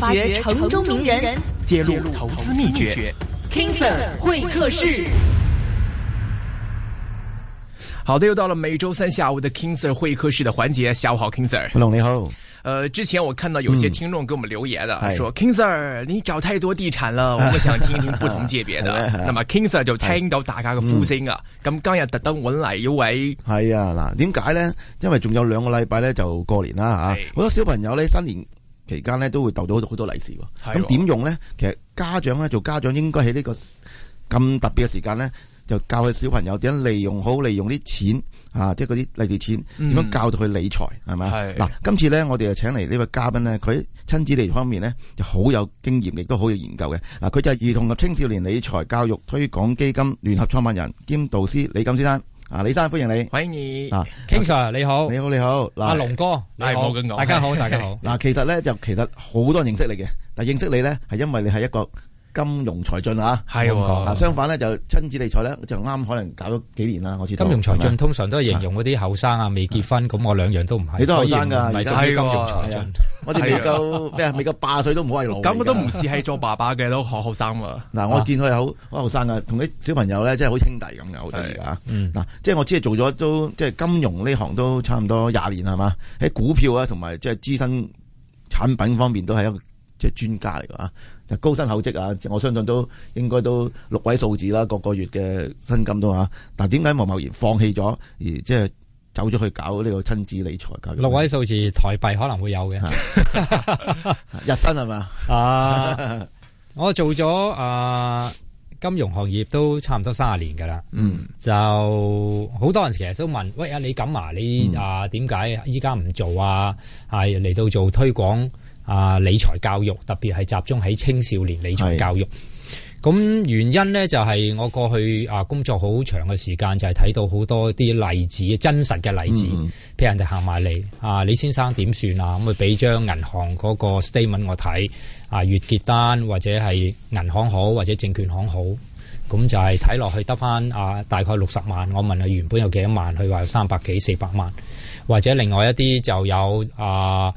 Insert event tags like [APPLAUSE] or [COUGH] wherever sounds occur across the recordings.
發掘城中名人，揭露投資秘訣。King Sir 會客室，好的，又到了每周三下午的 King Sir 會客室的環節。下午好，King Sir。Hello，你好。呃，之前我看到有些聽眾給我們留言了，嗯、說是 King Sir 你找太多地產了，我們想聽一聽不同界別的。 [LAUGHS] 啊啊、那麼 King Sir 就聽到大家嘅呼聲啊，咁今日特登揾嚟一位。係啊，嗱，點解呢？因為仲有兩個禮拜呢，就過年啦，吓是，好多小朋友呢，新年。期間咧都會逗到好多好多利是，咁點、嗯嗯、用咧？其實家長咧做家長應該喺、這個、呢個咁特別嘅時間咧，就教佢小朋友點樣利用好利用啲錢啊，即係嗰啲利是錢，點樣教到佢理財係咪啊？嗱、嗯，今次咧我哋就請嚟呢位嘉賓咧，佢親子理財方面咧就好有經驗，亦都好有研究嘅嗱。佢就係兒童及青少年理財教育推廣基金聯合創辦人兼導師李錦先生。啊，李生，歡迎你，歡迎你啊，King Sir 你好你好，你好，嗱，阿龍哥，你好大家好， [LAUGHS] 大家好，嗱 [LAUGHS] 其實咧就其實好多人認識你嘅，但認識你咧係因為你係一個。金融才俊啊，係嗱，相反咧就親子理財咧，就啱可能搞咗幾年啦。我知。金融才俊通常都係形容嗰啲後生啊，未結婚咁，我兩樣都唔係。你都後生㗎，而家啲金融才俊，我哋未夠咩啊？八歲都唔好威老。咁我都唔似係做爸爸嘅都好後生啊。嗱，我見佢好好後生啊，同啲小朋友咧真係好兄弟咁嘅，好似啊。嗱，即係我只係做咗都即係金融呢行都差唔多廿年係嘛？喺股票啊，同埋即係資產產品方面都係一個即係專家嚟㗎啊。高薪厚職啊！我相信都應該都六位數字啦，個個月嘅薪金都吓。但點解貿貿然放棄咗而即係走咗去搞呢個親子理財教育？六位數字台幣可能會有嘅， [LAUGHS] [LAUGHS] 日薪係嘛？ [LAUGHS] 啊！我做咗啊金融行業都差唔多三十年噶啦，嗯，就好多人其實都問，喂，你啊，你咁啊，你啊點解依家唔做啊？係嚟到做推廣。啊！理財教育特別係集中喺青少年理財教育，咁是原因呢，就係、是、我過去啊工作好長嘅時間就係、是、睇到好多啲例子，真實嘅例子俾、嗯嗯、人哋行埋嚟啊！李先生點算啊？咁佢俾張銀行嗰個 statement 我睇啊，月結單或者係銀行好或者證券行好，咁就係睇落去得翻啊，大概六十萬。我問佢原本有幾多萬，佢話有三百幾四百萬，或者另外一啲就有啊。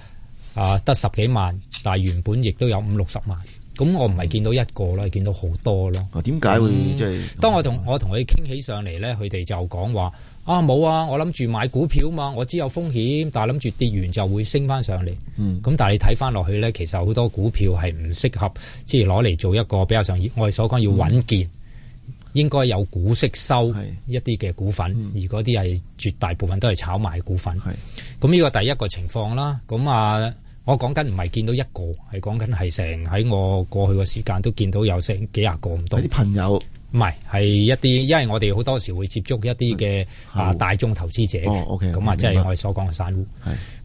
啊，得十幾萬，但係原本亦都有五六十萬。咁我唔係見到一個咯，嗯、見到好多咯、啊嗯。啊，點解會即係？當我同我同佢傾傾起上嚟呢，佢哋就講話：啊，冇啊，我諗住買股票嘛，我知有風險，但係諗住跌完就會升翻上嚟。咁、嗯、但係你睇翻落去呢，其實好多股票係唔適合，即係攞嚟做一個比較上我哋所講要穩健，嗯、應該有股息收一啲嘅股份，是而嗰啲係絕大部分都係炒賣股份。咁呢是、嗯、個第一個情況啦。咁啊。我講緊唔係見到一個，係講緊係成喺我過去嘅時間都見到有成幾廿個咁多。啲朋友唔係，係一啲，因為我哋好多時會接觸一啲嘅啊大眾投資者嘅，咁啊即係我哋所講嘅散戶。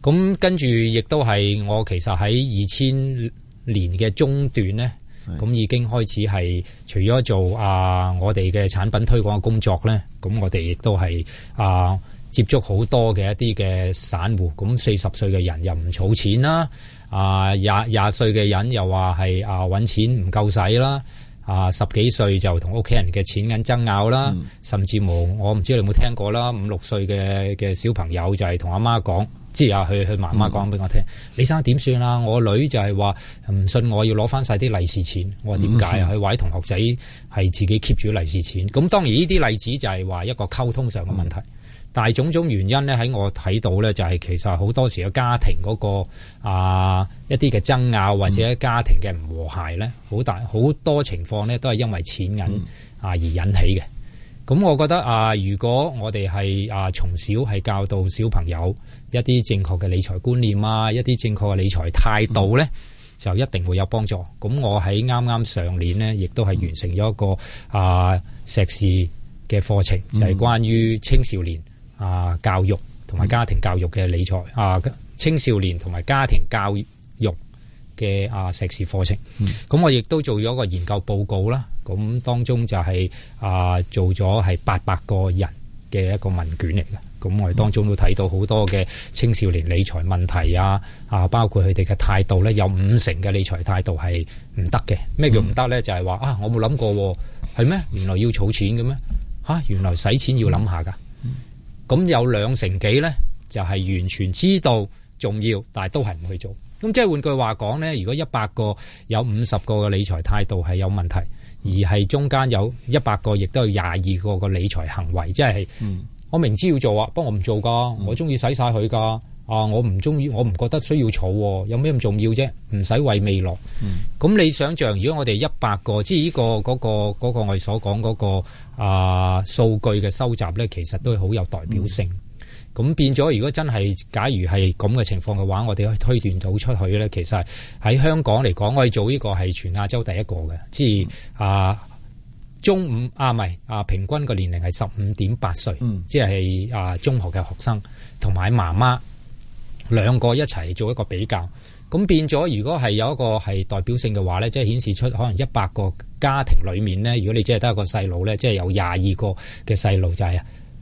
咁跟住，亦都係我其實喺二千年嘅中段咧，咁已經開始係除咗做啊我哋嘅產品推廣嘅工作咧，咁我哋亦都係啊。接觸好多嘅一啲嘅散戶，咁四十歲嘅人又唔儲錢啦，啊廿廿歲嘅人又話係啊揾錢唔夠使啦，啊，啊十幾歲就同屋企人嘅錢銀爭拗啦，甚至無我唔知你有冇聽過啦，五六歲嘅嘅小朋友就係同阿媽講，即係啊佢佢媽媽講俾我聽，嗯、李生點算啊？我女就係話唔信我，要攞翻晒啲利是錢，我話點解啊？佢位、嗯、哼同學仔係自己 keep 住利是錢，咁當然呢啲例子就係話一個溝通上嘅問題。嗯但係種種原因咧，喺我睇到咧，就係其實好多時嘅家庭嗰、那個啊一啲嘅爭拗或者家庭嘅唔和諧咧，好大好多情況咧都係因為錢銀啊而引起嘅。咁、嗯、我覺得啊，如果我哋係啊從小係教導小朋友一啲正確嘅理財觀念啊，一啲正確嘅理財態度咧，嗯、就一定會有幫助。咁我喺啱啱上年咧，亦都係完成咗一個啊碩士嘅課程，就係、是、關於青少年。啊，教育同埋家庭教育嘅理財、嗯、啊，青少年同埋家庭教育嘅，啊，碩士課程。咁、嗯、我亦都做咗一個研究報告啦。咁當中就係、是、啊，做咗係八百個人嘅一個問卷嚟嘅。咁我哋當中都睇到好多嘅青少年理財問題啊。啊，包括佢哋嘅態度呢，有五成嘅理財態度係唔得嘅。咩叫唔得呢？就係、是、話啊，我冇諗過係咩？原來要儲錢嘅咩？吓、啊，原來使錢要諗下噶。嗯咁有兩成幾呢，就係完全知道重要，但係都係唔去做。咁即係換句話講呢，如果一百個有五十個嘅理財態度係有問題，而係中間有一百個亦都有廿二個嘅理財行為，即係我明知要做啊，不過我唔做噶，我中意使晒佢噶。啊！我唔中意，我唔覺得需要儲，有咩咁重要啫？唔使為未來。咁、嗯、你想像，如果我哋一百個，即係呢個嗰個嗰個我哋所講嗰個啊數據嘅收集呢，其實都好有代表性。咁、嗯、變咗，如果真係假如係咁嘅情況嘅話，我哋可以推斷到出去呢。其實喺香港嚟講，我哋做呢個係全亞洲第一個嘅，即係啊中午啊唔係啊平均嘅年齡係十五點八歲，嗯、即係啊中學嘅學生同埋媽媽。嗯兩個一齊做一個比較，咁變咗，如果係有一個係代表性嘅話呢，即係顯示出可能一百個家庭裏面呢，如果你只係得一個細路呢，即係有廿二個嘅細路就係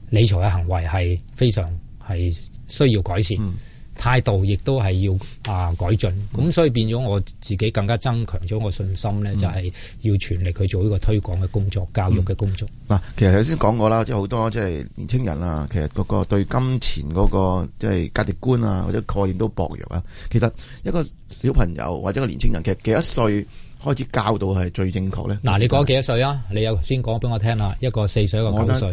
理財嘅行為係非常係需要改善。嗯態度亦都係要啊改進，咁、嗯、所以變咗我自己更加增強咗我信心咧，嗯、就係要全力去做呢個推廣嘅工作、教育嘅工作。嗱、嗯，其實頭先講過啦，即係好多即係年青人啊，其實嗰個對金錢嗰個即係價值觀啊或者概念都薄弱啊。其實一個小朋友或者一個年青人，其實幾多歲開始教導係最正確咧？嗱、啊，你講幾多歲啊？你有先講俾我聽啦、啊，一個四歲一個九歲，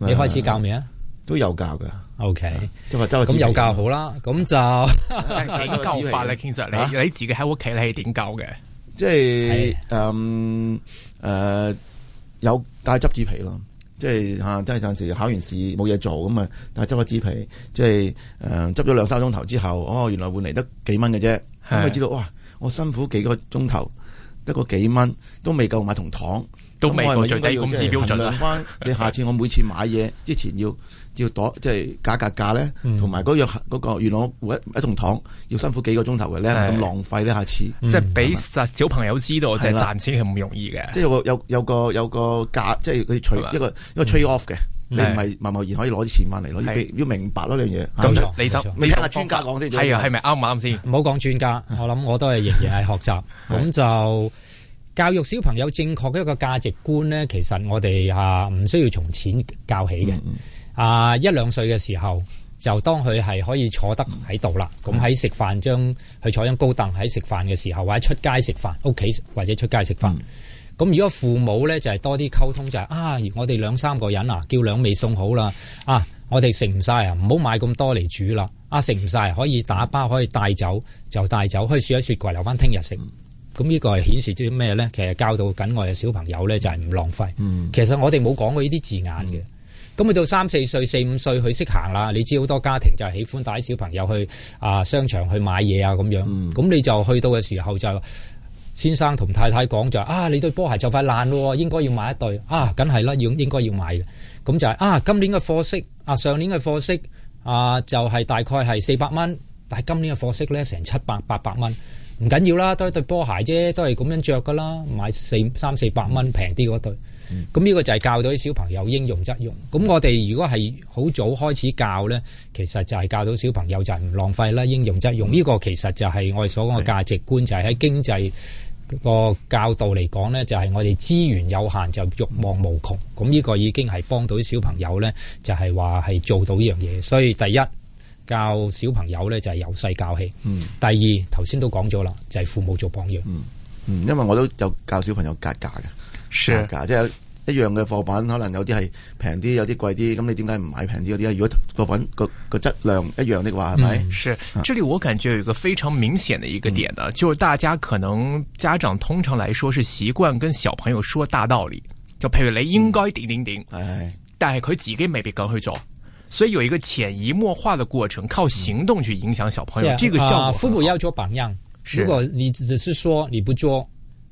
的你開始教未啊、嗯嗯嗯？都有教㗎。O K，咁有教好啦，咁就點教 [LAUGHS] 法咧？其實你、啊、你自己喺屋企，你係點教嘅？即係、啊，嗯，誒，有戴執紙皮咯，即係吓，即係暫時考完試冇嘢做咁啊，戴執個紙皮，即係誒，執咗兩三個鐘頭之後，哦，原來換嚟得幾蚊嘅啫，咁咪是知道哇？我辛苦幾個鐘頭，得個幾蚊，都未夠買同糖，都未個最低工資標準 [LAUGHS] 你下次我每次買嘢之前要。要躲即係價格價咧，同埋嗰樣嗰個，原來我一同堂要辛苦幾個鐘頭嘅咧，咁浪費咧，下次即係俾實小朋友知道，即係賺錢係唔容易嘅。即係有有有個有個價，即係佢取一個一個 trade off 嘅，你唔係貿貿然可以攞啲錢翻嚟咯，要明白咯呢樣嘢。冇錯，你先你聽下專家講先，係係咪啱唔啱先？唔好講專家，我諗我都係仍然係學習。咁就教育小朋友正確嘅一個價值觀咧，其實我哋吓唔需要從錢教起嘅。啊！一兩歲嘅時候就當佢係可以坐得喺度啦。咁喺食飯將，將佢坐張高凳喺食飯嘅時候，或者出街食飯，屋企或者出街食飯。咁、嗯、如果父母呢，就係、是、多啲溝通，就係、是、啊，我哋兩三個人啊，叫兩味餸好啦。啊，我哋食唔晒啊，唔好、嗯、買咁多嚟煮啦。啊，食唔晒可以打包，可以帶走就帶走，可以雪一雪櫃留翻聽日食。咁呢、嗯、個係顯示啲咩呢？其實教導緊我嘅小朋友呢，就係、是、唔浪費。嗯、其實我哋冇講過呢啲字眼嘅。嗯咁啊到三四歲、四，歲四五歲佢識行啦，你知好多家庭就係喜歡帶小朋友去啊商場去買嘢啊咁樣，咁、嗯、你就去到嘅時候就先生同太太講就是、啊，你對波鞋就快爛咯，應該要買一對啊，梗係啦，要應該要買嘅，咁就係、是、啊今年嘅貨色啊，上年嘅貨色啊就係、是、大概係四百蚊，但係今年嘅貨色咧成七百八百蚊，唔緊要啦，都係一對波鞋啫，都係咁樣着噶啦，買四三四百蚊平啲嗰對。咁呢、嗯、個就係教到啲小朋友應用則用。咁我哋如果係好早開始教呢，其實就係教到小朋友就唔浪費啦，應用則用。呢、嗯、個其實就係我哋所講嘅價值觀，是就係喺經濟個教導嚟講呢，就係、是、我哋資源有限就慾望無窮。咁呢、嗯、個已經係幫到啲小朋友呢，就係話係做到呢樣嘢。所以第一教小朋友呢、嗯，就係由細教起。嗯。第二頭先都講咗啦，就係父母做榜樣嗯。嗯，因為我都有教小朋友格價嘅。是噶，即係一樣嘅貨品，可能有啲係平啲，有啲貴啲，咁你點解唔買平啲嗰啲啊？如果個品個個質量一樣的話，係咪、嗯？是，嗯、這裏我感覺有一個非常明顯的一個點啊，嗯、就大家可能家長通常來說是習慣跟小朋友說大道理，就譬如你應該點點點，但係佢自己未必敢去做，所以有一個潛移默化的過程，靠行動去影響小朋友。是這個效果，父母、啊、要做榜樣。是如果你只是說你不做。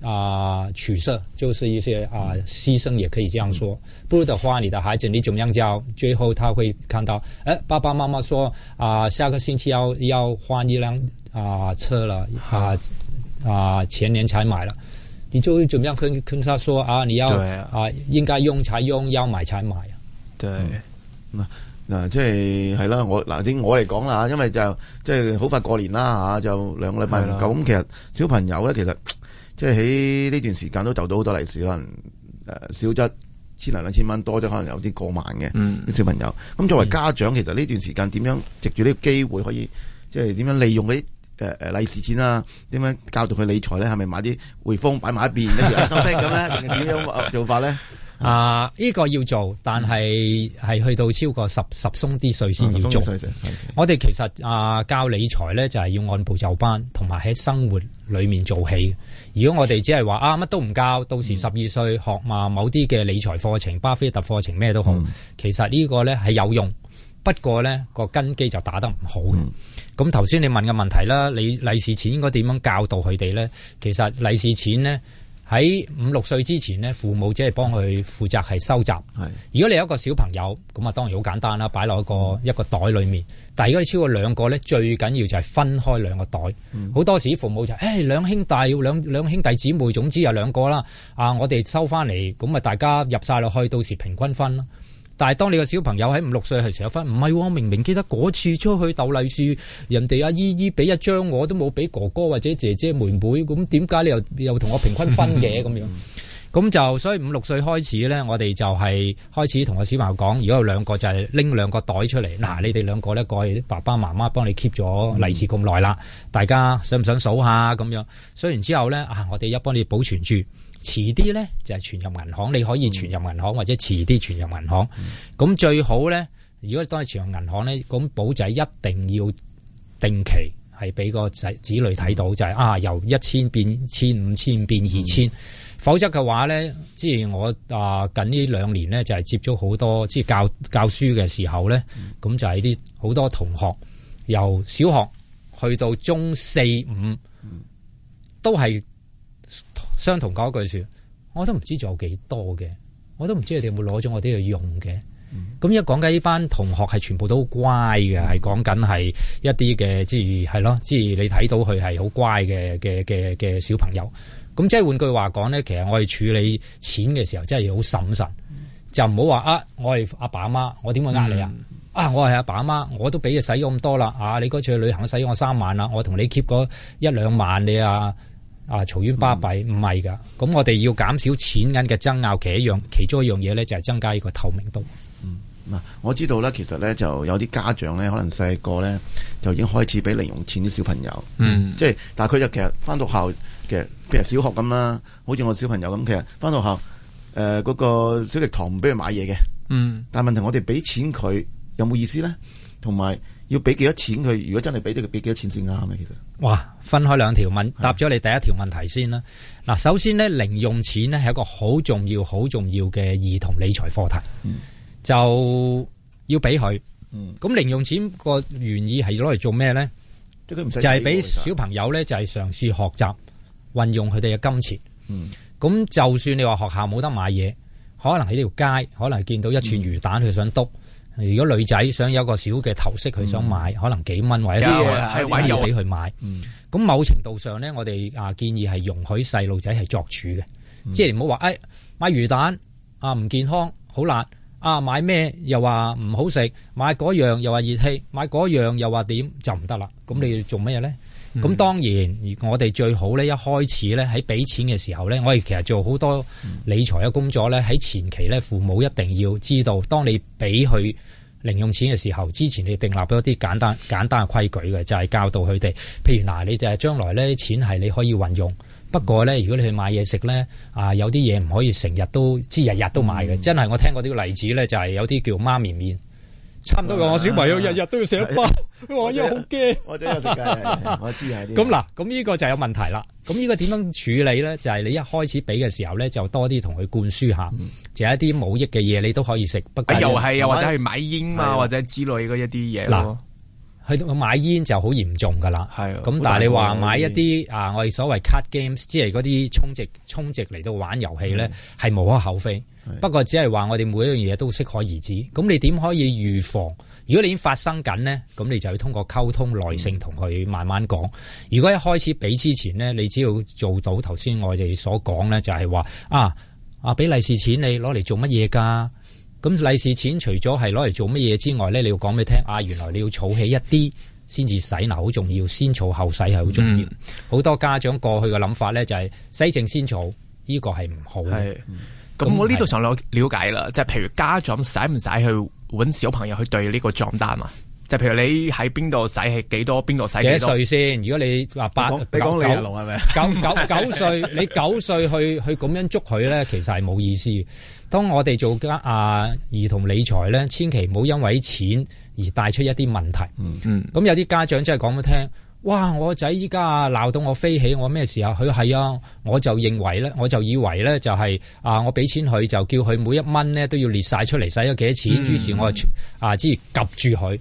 啊，取捨就是一些啊犧牲，也可以這樣說。嗯、不如的話，你的孩子你點樣教？最後他會看到，誒、哎，爸爸媽媽說啊，下個星期要要換一輛啊車了，啊啊前年才買了，你就會點樣跟跟他說啊？你要啊，啊應該用才用，要買才買，啊、對，嗱嗱、嗯啊、即係係啦，我嗱啲我嚟講啦，因為就即係好快過年啦，吓就兩個禮拜嚟咁，其實小朋友咧，其實。即係喺呢段時間都就到好多利是，可能誒、呃、少則千零兩千蚊，多咗可能有啲過萬嘅啲、嗯、小朋友。咁作為家長，其實呢段時間點樣藉住呢個機會，可以、嗯、即係點樣利用嗰啲誒誒利是錢啊？點樣教導佢理財咧？係咪買啲匯豐擺埋一邊，收息咁咧？點樣做法咧？啊，呢、這個要做，但係係去到超過十十鬆啲歲先要做。啊、Okay. 我哋其實啊教理財咧，就係、是、要按部就班，同埋喺生活裏面做起。如果我哋只係話啊乜都唔教，到時十二歲學嘛某啲嘅理財課程、巴菲特課程咩都好，其實呢個呢係有用，不過呢個根基就打得唔好。咁頭先你問嘅問題啦，你利是錢應該點樣教導佢哋呢？其實利是錢呢。喺五六歲之前呢，父母即係幫佢負責係收集。的如果你有一個小朋友，咁啊當然好簡單啦，擺落一個一個袋裏面。但如果你超過兩個呢，最緊要就係分開兩個袋。好、嗯、多時候父母就誒、係、兩、哎、兄弟，兩兩兄弟姊妹，總之有兩個啦。啊，我哋收翻嚟，咁啊大家入晒落去，到時平均分但係當你個小朋友喺五六歲係時候分，唔係、啊，我明明記得嗰次出去逗利是，人哋阿姨姨俾一張我都冇俾哥哥或者姐姐妹妹，咁點解你又你又同我平均分嘅咁樣？咁 [LAUGHS] 就所以五六歲開始呢，我哋就係開始同個小朋友講，如果有兩個就係拎兩個袋出嚟，嗱，你哋兩個咧，過去爸爸媽媽幫你 keep 咗利是咁耐啦，嗯、大家想唔想數下咁樣？數完之後呢，啊我哋一幫你保存住。遲啲咧就係、是、存入銀行，你可以存入銀行或者遲啲存入銀行。咁、嗯、最好咧，如果當係存入銀行咧，咁保仔一定要定期係俾個仔子女睇到，嗯、就係啊由一千變千五千變二千，嗯、否則嘅話咧，即係我啊近兩呢兩年咧就係、是、接觸好多，即係教教書嘅時候咧，咁、嗯、就係啲好多同學由小學去到中四五，都係。相同講一句説，我都唔知仲有幾多嘅，我都唔知你哋有冇攞咗我啲去用嘅。咁、嗯、而家講緊呢班同學係全部都好乖嘅，係講緊係一啲嘅，即係係咯，即係、就是、你睇到佢係好乖嘅嘅嘅嘅小朋友。咁即係換句話講咧，其實我哋處理錢嘅時候真係、嗯、要好審慎就唔好話啊，我係阿爸阿媽，我點會呃你啊？啊，我係阿爸阿媽，我都俾你使咗咁多啦啊！你嗰次去旅行使咗我三萬啦，我同你 keep 嗰一兩萬你啊。啊！嘈冤巴閉唔係㗎，咁、嗯、我哋要減少錢銀嘅爭拗，其一樣其中一樣嘢咧就係增加呢個透明度。嗯，嗱，我知道咧，其實咧就有啲家長咧，可能細個咧就已經開始俾零用錢啲小朋友。嗯，即係，但係佢就其實返到校嘅，譬如小學咁啦，好似我小朋友咁，其實返到校，誒、呃、嗰、嗰個小食堂唔俾佢買嘢嘅。嗯，但係問題我哋俾錢佢有冇意思咧？同埋。要俾幾多錢佢？如果真係俾到佢，俾幾多錢先啱嘅？其實哇，分開兩條問，答咗你第一條問題先啦。嗱，首先咧，零用錢咧係一個好重要、好重要嘅兒童理財課題，嗯、就要俾佢。咁、嗯、零用錢個原意係攞嚟做咩咧？就係俾小朋友咧，就係嘗試學習運用佢哋嘅金錢。咁、嗯、就算你話學校冇得買嘢，可能喺呢條街，可能見到一串魚蛋，佢想篤。如果女仔想有個小嘅頭飾，佢想買，嗯、可能幾蚊或者係要俾佢買。咁、嗯、某程度上咧，我哋啊建議係容許細路仔係作主嘅，嗯、即係唔好話，誒、哎、買魚蛋啊唔健康，好辣啊買咩又話唔好食，買嗰樣又話熱氣，買嗰樣又話點就唔得啦。咁你做乜嘢咧？咁、嗯、當然，我哋最好呢，一開始呢，喺俾錢嘅時候呢，我哋其實做好多理財嘅工作呢。喺前期呢，父母一定要知道，當你俾佢零用錢嘅時候，之前你定立咗啲簡單簡單嘅規矩嘅，就係、是、教導佢哋。譬如嗱，你就係將來呢，錢係你可以運用，不過呢，如果你去買嘢食呢，啊有啲嘢唔可以成日都，即日日都買嘅。嗯、真係我聽過啲例子呢，就係有啲叫媽咪面。差唔多咁的，我小朋友日日都要食一包，我依家好驚。我真有食雞，我知係啲。咁嗱， [LAUGHS] 咁、這、呢個就有問題啦。咁、這、呢個點樣處理咧？就係、是、你一開始俾嘅時候咧，就多啲同佢灌輸下，嗯、就一啲冇益嘅嘢你都可以食。不過、啊、又係又或者去買煙啊或者之類嗰一啲嘢嗱。去買煙就好嚴重㗎啦，咁的但係你話買一啲啊，我哋所謂 card game，即係嗰啲充值充值嚟到玩遊戲咧，係、嗯、無可厚非。的不過只係話我哋每一樣嘢都適可而止。咁你點可以預防？如果你已經發生緊咧，咁你就要通過溝通耐性同佢慢慢講。嗯、如果一開始俾之前咧，你只要做到頭先我哋所講咧，就係話啊啊，俾利是錢你攞嚟做乜嘢㗎？咁利是錢除咗係攞嚟做乜嘢之外咧，你要講俾你聽啊！原來你要儲起一啲先至洗，嗱，好重要，先儲後洗係好重要。好、嗯、多家長過去嘅諗法咧就係、是、洗淨先儲，呢、這個係唔好嘅。咁、嗯、我呢度想了解啦，就係、是、譬如家長使唔使去搵小朋友去對呢個賬單啊？就是、譬如你喺邊度使係幾多，邊度使幾多歲先？如果你話八，你講你係咪？九九九歲，你九歲去去咁樣捉佢咧，其實係冇意思。當我哋做家啊兒童理財咧，千祈唔好因為錢而帶出一啲問題。嗯，咁有啲家長真係講咗聽，哇！我仔依家鬧到我飛起，我咩時候？佢係啊，我就認為咧，我就以為咧、就是，就係啊，我俾錢佢，就叫佢每一蚊咧都要列晒出嚟，使咗幾多錢。于、嗯、是我就啊，之及住佢。的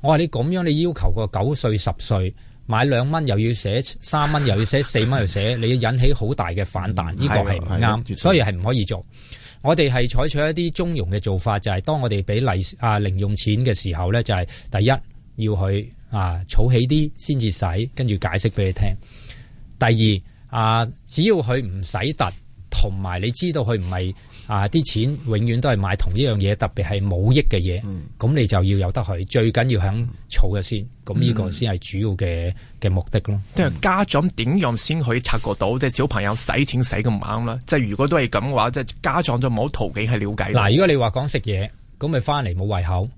我話你咁樣，你要求個九歲、十歲買兩蚊，又要寫三蚊，又要寫四蚊，又寫， [LAUGHS] 你要引起好大嘅反彈。呢、嗯、個係唔啱，所以係唔可以做。我哋係採取一啲中庸嘅做法，就係、是、當我哋俾例啊零用錢嘅時候咧，就係、是、第一要佢啊儲起啲先至使，跟住解釋俾你聽。第二啊，只要佢唔使突，同埋你知道佢唔係。啊！啲錢永遠都係買同一樣嘢，特別係冇益嘅嘢，咁、嗯、你就要有得去，最緊要肯儲嘅先，咁呢個先係主要嘅嘅、嗯、目的咯。即係、嗯、家長點樣先可以察覺到即係小朋友使錢使咁唔啱啦？即係如果都係咁嘅話，即係家長就冇途徑去了解。嗱，如果你話講食嘢，咁咪翻嚟冇胃口，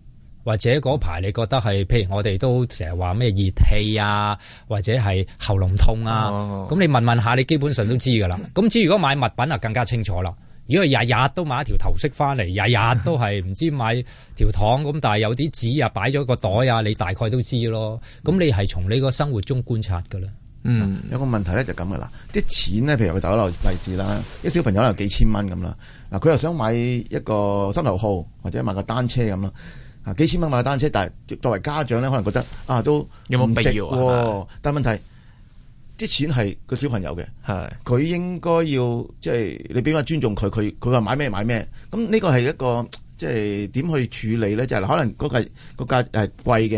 或者嗰排你覺得係譬如我哋都成日話咩熱氣啊，或者係喉嚨痛啊，咁、哦、你問問下，你基本上都知㗎啦。咁至如果買物品啊，更加清楚啦。.如果日日都買一條頭飾翻嚟，日日都係唔知買條糖咁， [LAUGHS] 但係有啲紙啊，擺咗個袋啊，你大概都知咯。咁你係從你個生活中觀察噶啦。嗯，嗯，有個問題咧就咁噶啦，啲錢咧，譬如我哋打個例子啦，啲小朋友可能有幾千蚊咁啦，嗱佢又想買一個新頭號或者買個單車咁咯，啊幾千蚊買個單車，但係作為家長咧，可能覺得啊都有冇必要，但係問題。啲錢係個小朋友嘅，係佢是的 應該要即係、就是、你比較尊重佢，佢佢話買咩買咩，咁、這、呢個係一個即係點去處理咧？就係可能嗰個價價價貴、嗯、個價係貴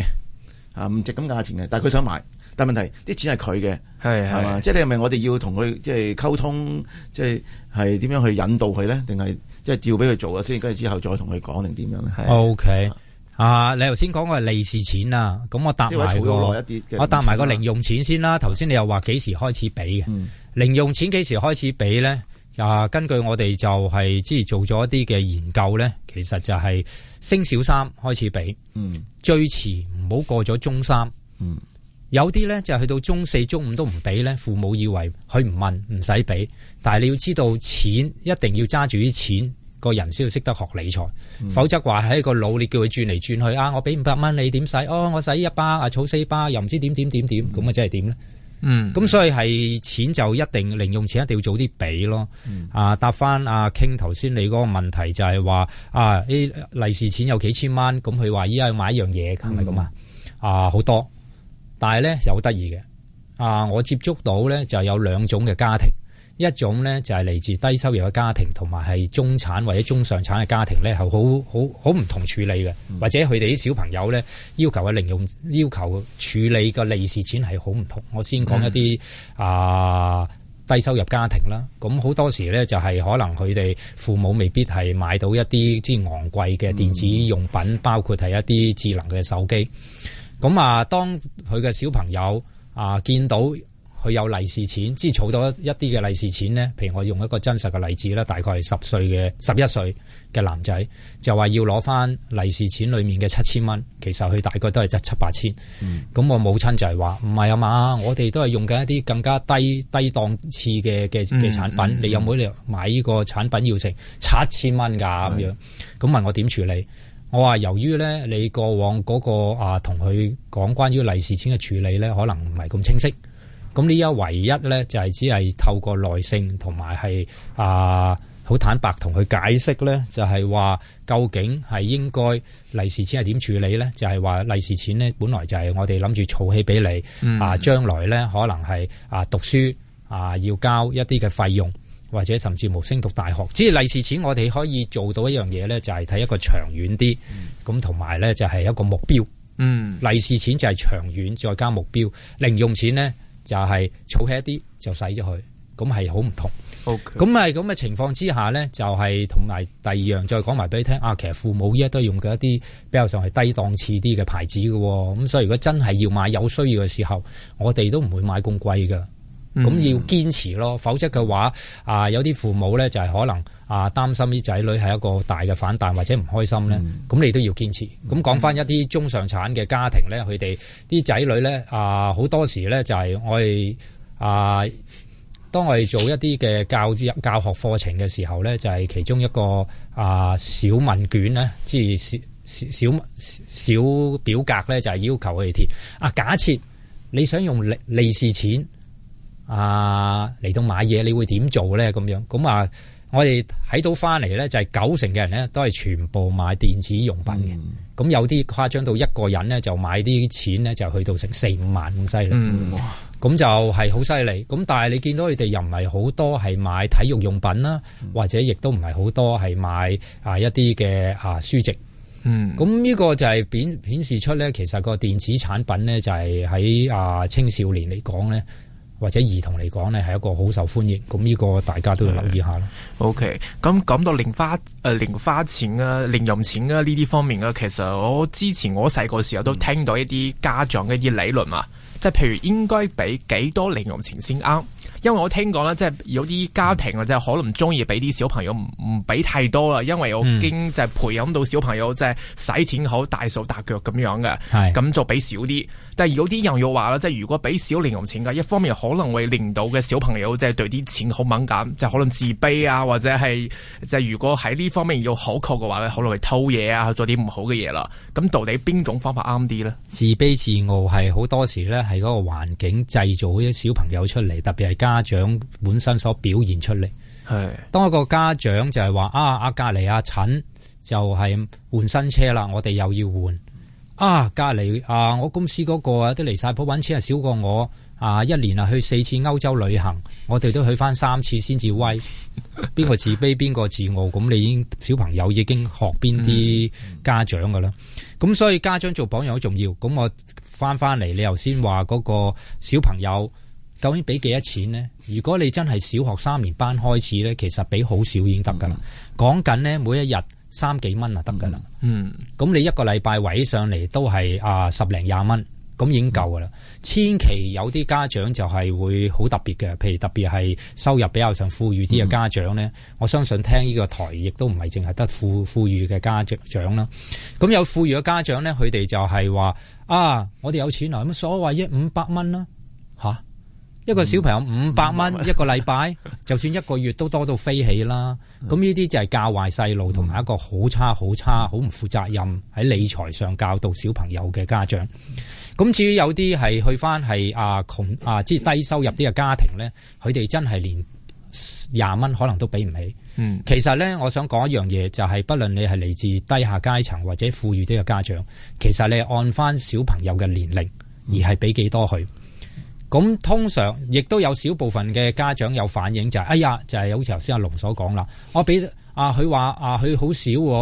嘅，唔值咁價錢嘅，但係佢想買，但問題啲錢係佢嘅，係係嘛？即係你係咪我哋要同佢即係溝通，即係係點樣去引導佢咧？定係即係要俾佢做啊先，跟住之後再同佢講定點樣咧？O K。Okay. 啊！你頭先講個利是錢啦、啊，咁我答埋、那個，啊、我答埋個零用錢先啦。頭先你又話幾時開始俾嘅？嗯、零用錢幾時開始俾呢？啊，根據我哋就係之前做咗一啲嘅研究呢，其實就係升小三開始俾，嗯、最遲唔好過咗中三。嗯、有啲呢就係去到中四、中五都唔俾呢，父母以為佢唔問唔使俾，但係你要知道錢一定要揸住啲錢。個人需要識得學理財，嗯、否則話喺個腦，你叫佢轉嚟轉去啊！我俾五百蚊你點使？哦、oh,，我使一百，啊，儲四百，又唔知點點點點咁啊，即係點咧？嗯，咁、嗯、所以係錢就一定零用錢一定要早啲俾咯。啊，答翻啊，King 頭先你嗰個問題就係話啊，啲利是錢有幾千蚊，咁佢話依家要買一、嗯、是是樣嘢，係咪咁啊？啊，好多，但係咧就好得意嘅啊！我接觸到咧就有兩種嘅家庭。一種呢，就係嚟自低收入嘅家庭，同埋係中產或者中上產嘅家庭呢係好好好唔同處理嘅，或者佢哋啲小朋友呢，要求嘅零用，要求處理嘅利是錢係好唔同。我先講一啲、嗯、啊低收入家庭啦，咁好多時呢，就係可能佢哋父母未必係買到一啲之昂貴嘅電子用品，包括係一啲智能嘅手機。咁啊，當佢嘅小朋友啊見到。佢有利是錢，即係儲到一啲嘅利是錢呢，譬如我用一個真實嘅例子啦，大概係十歲嘅十一歲嘅男仔，就話要攞翻利是錢裏面嘅七千蚊，其實佢大概都係七七八千。咁、嗯、我母親就係話唔係啊嘛，我哋都係用緊一啲更加低低檔次嘅嘅嘅產品。嗯嗯嗯，你有冇你買呢個產品要成七千蚊㗎咁樣？咁、嗯、問我點處理？我話由於呢，你過往嗰、嗰個啊同佢講關於利是錢嘅處理呢，可能唔係咁清晰。咁呢一唯一咧，就係、是、只係透過耐性同埋係啊，好坦白同佢解釋咧，就係、是、話究竟係應該利是錢係點處理咧？就係話利是錢咧，本來就係我哋諗住儲起俾你、嗯、啊，將來咧可能係啊讀書啊要交一啲嘅費用，或者甚至無升讀大學。只係利是錢我哋可以做到一樣嘢咧，就係、是、睇一個長遠啲，咁同埋咧就係、是、一個目標。嗯，利是錢就係長遠再加目標，零用錢咧。就係儲起一啲就使咗佢，咁係好唔同。Okay。咁係咁嘅情況之下咧，就係同埋第二樣再講埋俾你聽。啊，其實父母依家都用嘅一啲，比較上係低檔次啲嘅牌子嘅。咁所以如果真係要買有需要嘅時候，我哋都唔會買咁貴噶。咁要堅持咯，否則嘅話啊，有啲父母咧就係可能啊擔心啲仔女係一個大嘅反彈或者唔開心咧，咁、嗯、你都要堅持。咁講翻一啲中上產嘅家庭咧，佢哋啲仔女咧啊，好多時咧就係我哋啊，當我哋做一啲嘅教教學課程嘅時候咧，就係、是、其中一個啊小問卷咧，即係小小小小表格咧，就係要求佢哋填啊，假設你想用利利是錢。啊！嚟到買嘢，你會點做咧？咁樣咁啊！我哋喺度翻嚟咧，就係、是、九成嘅人咧，都係全部買電子用品嘅。咁、嗯、有啲誇張到一個人咧，就買啲錢咧，就去到成四五萬咁犀利。咁、嗯、就係好犀利。咁但係你見到佢哋又唔係好多係買體育用品啦，嗯、或者亦都唔係好多係買啊一啲嘅啊書籍。嗯，咁呢個就係顯顯示出咧，其實個電子產品咧、啊，就係喺啊青少年嚟講咧。或者兒童嚟講呢係一個好受歡迎，咁呢個大家都要留意下咯。OK，咁講到零花誒、呃、零花錢啊、零用錢啊呢啲方面啊，其實我之前我細個時候都聽到一啲家長嘅一啲理論啊，即係譬如應該俾幾多零用錢先啱。因為我聽講咧，即係有啲家庭啊，即係可能唔中意俾啲小朋友唔，唔俾太多啦，因為我經就係培養到小朋友即係使錢好大手大腳咁樣嘅，咁就俾少啲。但係有啲人又話啦，即係如果俾少零用錢嘅，一方面可能會令到嘅小朋友即係對啲錢好敏感，就可能自卑啊，或者係即係如果喺呢方面要可靠嘅話，可能會偷嘢啊，做啲唔好嘅嘢啦。咁到底邊種方法啱啲呢？自卑、自傲係好多時咧，係嗰個環境製造啲小朋友出嚟，特別。家長本身所表現出嚟，係當一個家長就係話啊，阿是、啊、隔籬阿、啊、陳就係換新車啦，我哋又要換啊，隔籬啊我公司嗰個啊都離晒譜，揾錢啊少過我啊，一年啊去四次歐洲旅行，我哋都去翻三次先至威，邊 [LAUGHS] 個自卑邊個自傲，咁你已經小朋友已經學邊啲家長噶啦，咁、嗯、所以家長做榜樣好重要。咁我翻翻嚟，你頭先話嗰個小朋友。究竟俾幾多錢呢？如果你真係小學三年班開始呢，其實俾好少已經得噶啦。講緊、mm hmm. 呢，每一日三幾蚊啊，得噶啦。嗯，咁你一個禮拜圍上嚟都係啊十零廿蚊，咁已經夠噶啦。Mm hmm. 千祈有啲家長就係會好特別嘅，譬如特別係收入比較上富裕啲嘅家長呢。Mm hmm. 我相信聽呢個台亦都唔係淨係得富富裕嘅家長啦。咁有富裕嘅家長呢，佢哋就係話啊，我哋有錢啊，有乜所謂一五百蚊啦，嚇？一個小朋友五百蚊一個禮拜， [LAUGHS] 就算一個月都多到飛起啦。咁呢啲就係教壞細路，同埋一個好差、好差、好唔負責任喺理財上教導小朋友嘅家長。咁至於有啲係去翻係啊窮啊，即低收入啲嘅家庭呢，佢哋真係連廿蚊可能都俾唔起。嗯，其實呢，我想講一樣嘢，就係不論你係嚟自低下階層或者富裕啲嘅家長，其實你係按翻小朋友嘅年齡而係俾幾多佢。咁通常亦都有少部分嘅家長有反應就係哎呀，就係、是、好似頭先阿龍所講啦。我俾啊佢話，啊佢好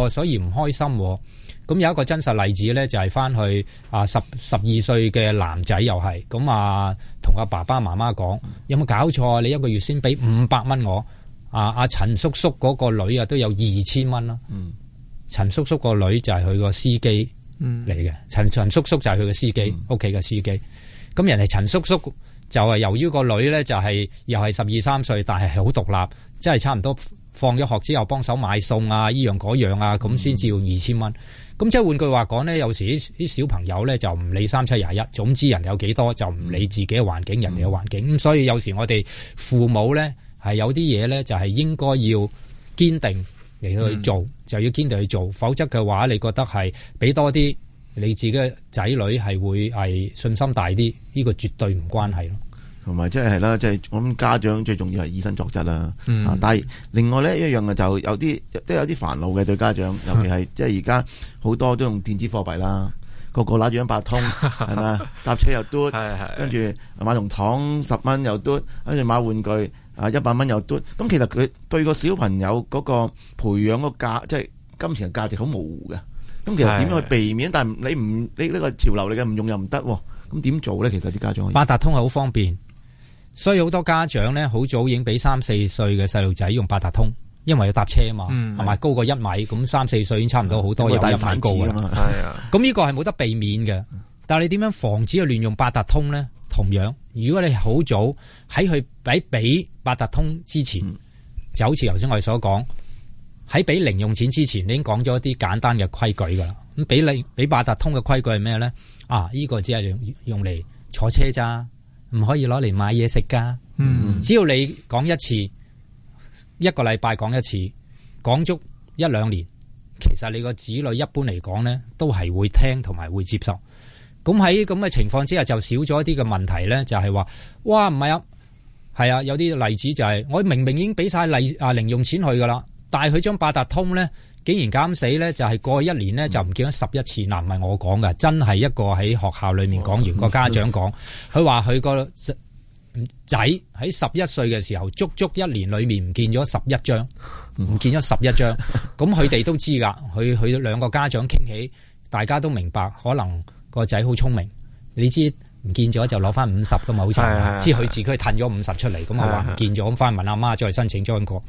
少，所以唔開心、哦。咁有一個真實例子咧，就係、是、翻去啊十十二歲嘅男仔又係咁啊，同阿爸爸媽媽講，嗯、有冇搞錯啊？你一個月先俾五百蚊我，啊啊陳叔叔嗰個女啊都有二千蚊啦。嗯，陳叔叔個女，、啊嗯、陳叔叔個女就係佢個司機嚟嘅，嗯、陳陳叔叔就係佢嘅司機，屋企嘅司機。咁人哋陳叔叔就係由於個女呢，就係又係十二三歲，但係係好獨立，即係差唔多放咗學之後幫手買餸啊，呢樣嗰樣啊，咁先至要二千蚊。咁即係換句話講呢，有時啲啲小朋友呢就唔理三七廿一，21，總之人有幾多就唔理自己嘅環境，嗯、人哋嘅環境。咁所以有時我哋父母呢，係有啲嘢呢，就係應該要堅定嚟去做，就要堅定去做，否則嘅話，你覺得係俾多啲。你自己嘅仔女係會係信心大啲，呢、這個絕對唔關係咯。同埋即係係啦，即係我諗家長最重要係以身作則啦。嗯、啊，但係另外咧一樣嘅就有啲都有啲煩惱嘅對家長，尤其係即係而家好多都用電子貨幣啦，個、嗯、個拿住八達通係嘛，搭 [LAUGHS] 車又嘟，跟住 [LAUGHS] 買糖十蚊又嘟，跟住買玩具啊一百蚊又嘟。咁其實佢對個小朋友嗰個培養個價，即、就、係、是、金錢嘅價值好模糊嘅。咁其實點樣去避免？的但係你唔你呢個潮流嚟嘅，唔用又唔得。咁、哦、點做咧？其實啲家長八達通係好方便，所以好多家長咧好早已經俾三四歲嘅細路仔用八達通，因為要搭車啊嘛，係咪、嗯、高過一米？咁三四歲已經差唔多好多有入唔到嘅。咁呢個係冇得避免嘅，的但係你點樣防止佢亂用八達通咧？同樣，如果你好早喺佢畀俾八達通之前，就好似頭先我哋所講。喺俾零用錢之前，你已經講咗一啲簡單嘅規矩噶啦。咁俾你俾八達通嘅規矩係咩咧？啊、呢、這個只係用用嚟坐車咋，唔可以攞嚟買嘢食噶。嗯，只要你講一次，一個禮拜講一次，講足一兩年，其實你個子女一般嚟講咧，都係會聽同埋會接受。咁喺咁嘅情況之下，就少咗一啲嘅問題咧。就係、是、話哇，唔係啊、係啊，有啲例子就係、是、我明明已經俾晒例啊零用錢去噶啦。但係佢將八達通咧，竟然監死咧，就係過去一年咧就唔見咗十一次。嗱，唔係我講噶，真係一個喺學校裏面講完個家長講，佢話佢個仔喺十一歲嘅時候，足足一年裏面唔見咗十一張，唔見咗十一張。咁佢哋都知噶，佢佢兩個家長傾起，大家都明白，可能個仔好聰明。你知唔見咗就攞翻，五十噶嘛，好似知佢自己褪咗五十出嚟，咁我話唔見咗，咁翻去問阿媽再申請張咭。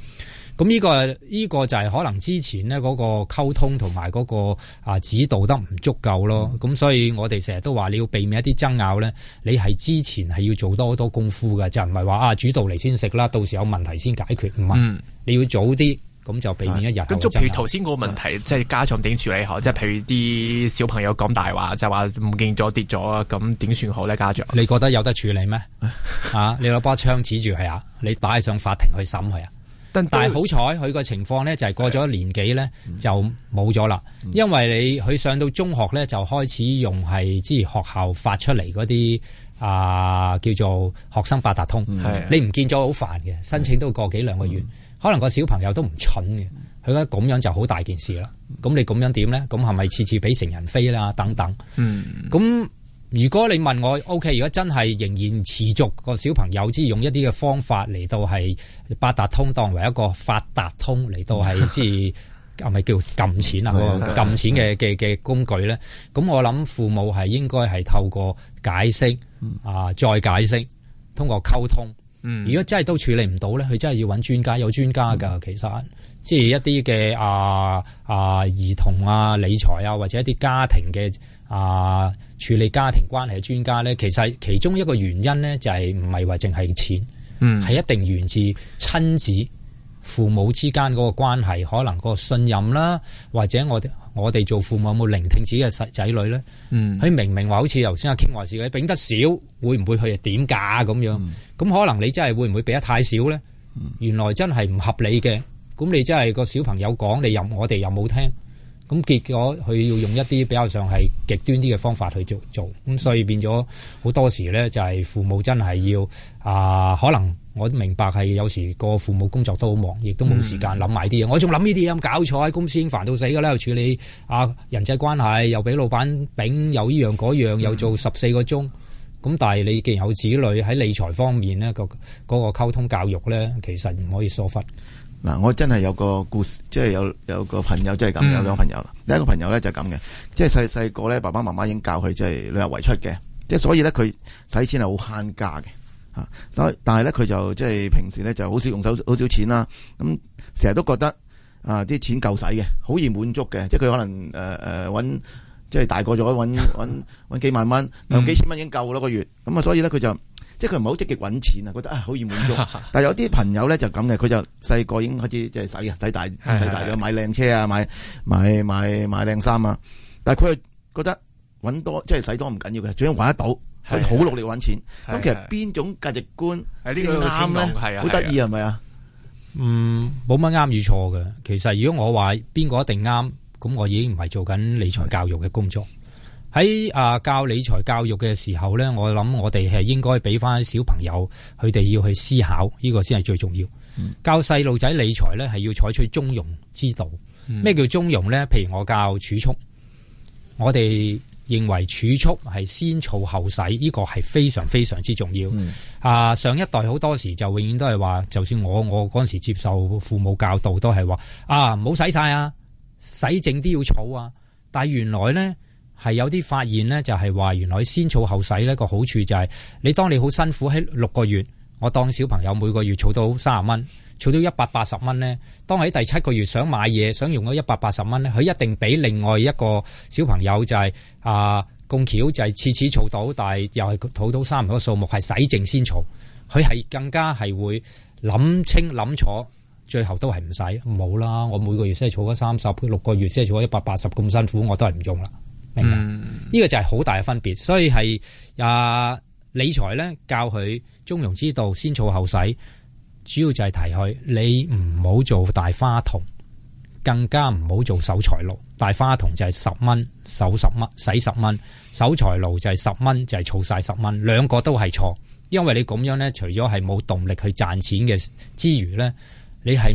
咁呢、這個呢、這個就係可能之前呢嗰個溝通同埋嗰個啊指導得唔足夠咯，咁、嗯、所以我哋成日都話你要避免一啲爭拗咧，你係之前係要做多好多功夫㗎，就唔係話啊主導嚟先食啦，到時有問題先解決唔係，嗯、你要早啲咁就避免一日。咁、嗯，譬如頭先個問題，即係家長點處理好？即係譬如啲小朋友講大話，就話唔見咗跌咗啊，咁點算好咧？家長你覺得有得處理咩？ [LAUGHS] 啊，你攞把槍指住係啊，你擺上法庭去審佢啊？但係好彩，佢個情況咧就係過咗年幾咧就冇咗啦。因為你佢上到中學咧就開始用係之前學校發出嚟嗰啲啊叫做學生八達通，的嗯、你唔見咗好煩嘅。申請都個幾兩個月，嗯、可能個小朋友都唔蠢嘅，佢覺得咁樣就好大件事啦。咁你咁樣點咧？咁係咪次次俾成人飛啦？等等。嗯，咁。如果你問我，OK，如果真係仍然持續個小朋友即係用一啲嘅方法嚟到係八達通，當為一個發達通嚟到係、就是，即係係咪叫撳錢啊？嗰、那個、撳錢嘅嘅嘅工具咧，咁我諗父母係應該係透過解釋、嗯、啊，再解釋，通過溝通。嗯、如果真係都處理唔到咧，佢真係要搵專家，有專家噶。嗯、其實即係一啲嘅啊啊兒童啊理財啊，或者一啲家庭嘅。啊！處理家庭關係嘅專家咧，其實其中一個原因咧，就係唔係話淨係錢，嗯，係一定源自親子父母之間嗰個關係，可能個信任啦，或者我我哋做父母有冇聆聽自己嘅細仔女咧？嗯，佢明明好剛才話好似頭先阿傾話事，佢俾得少，會唔會去點價咁樣？咁、嗯、可能你真係會唔會俾得太少咧？嗯、原來真係唔合理嘅，咁你真係個小朋友講，你又我哋又冇聽。咁結果佢要用一啲比較上係極端啲嘅方法去做做，咁所以變咗好多時呢，就係父母真係要啊、呃，可能我明白係有時個父母工作都好忙，亦都冇時間諗埋啲嘢。嗯、我仲諗呢啲咁搞錯喺公司已經煩到死㗎啦，又處理啊人際關係又俾老闆丙又一樣嗰樣，又做十四個鐘。咁、嗯、但係你既然有子女喺理財方面呢，嗰個嗰、嗰個溝通教育呢，其實唔可以疏忽。嗱，我真係有個故事，即係有有個朋友即係咁，有兩個朋友。第一個朋友咧就係咁嘅，即係細細個咧，爸爸媽媽已經教佢即係量入為出嘅，即係所以咧佢使錢係好慳家嘅，嚇。所以但係咧佢就即係平時咧就好少用手好少錢啦。咁成日都覺得啊啲、呃、錢夠使嘅，好易滿足嘅。即係佢可能誒誒揾，即係大個咗揾揾揾幾萬蚊，有幾千蚊已經夠咯、那個月。咁啊，所以咧佢就。呃即係佢唔係好積極揾錢啊，覺得啊好易滿足。但係有啲朋友咧就咁嘅，佢就細個已經開始即係使啊，使大使大咗買靚車啊，買買買買靚衫啊。但係佢係覺得揾多即係使多唔緊要嘅，主要揾得到。佢好努力揾錢。咁其實邊種價值觀係呢個啱咧？好得意係咪啊？的的嗯，冇乜啱與錯嘅。其實如果我話邊個一定啱，咁我已經唔係做緊理財教育嘅工作。喺啊教理財教育嘅時候咧，我諗我哋係應該俾翻小朋友，佢哋要去思考呢個先係最重要。教細路仔理財咧，係要採取中庸之道。咩叫中庸咧？譬如我教儲蓄，我哋認為儲蓄係先儲後使，呢個係非常非常之重要。啊，上一代好多時就永遠都係話，就算我我嗰陣時接受父母教導都係話啊，唔好使晒啊，使淨啲要儲啊。但係原來咧。係有啲發現呢，就係話原來先儲後使呢個好處就係你當你好辛苦喺六個月，我當小朋友每個月儲到三十蚊，儲到一百八十蚊呢。當喺第七個月想買嘢想用嗰一百八十蚊呢，佢一定俾另外一個小朋友就係、是、啊，咁巧就係、是、次次儲到，但係又係儲到三十個數目，係使剩先儲。佢係更加係會諗清諗楚，最後都係唔使冇啦。我每個月先係儲咗三十，六個月先係儲咗一百八十，咁辛苦我都係唔用啦。明白，嗯，呢個就係好大嘅分別，所以係啊理財咧，教佢中庸之道，先儲後使，主要就係提佢，你唔好做大花筒，更加唔好做守財奴。大花筒就係十蚊守十蚊，使十蚊；守財奴就係十蚊，就係儲晒十蚊。兩個都係錯，因為你咁樣咧，除咗係冇動力去賺錢嘅之餘咧，你係。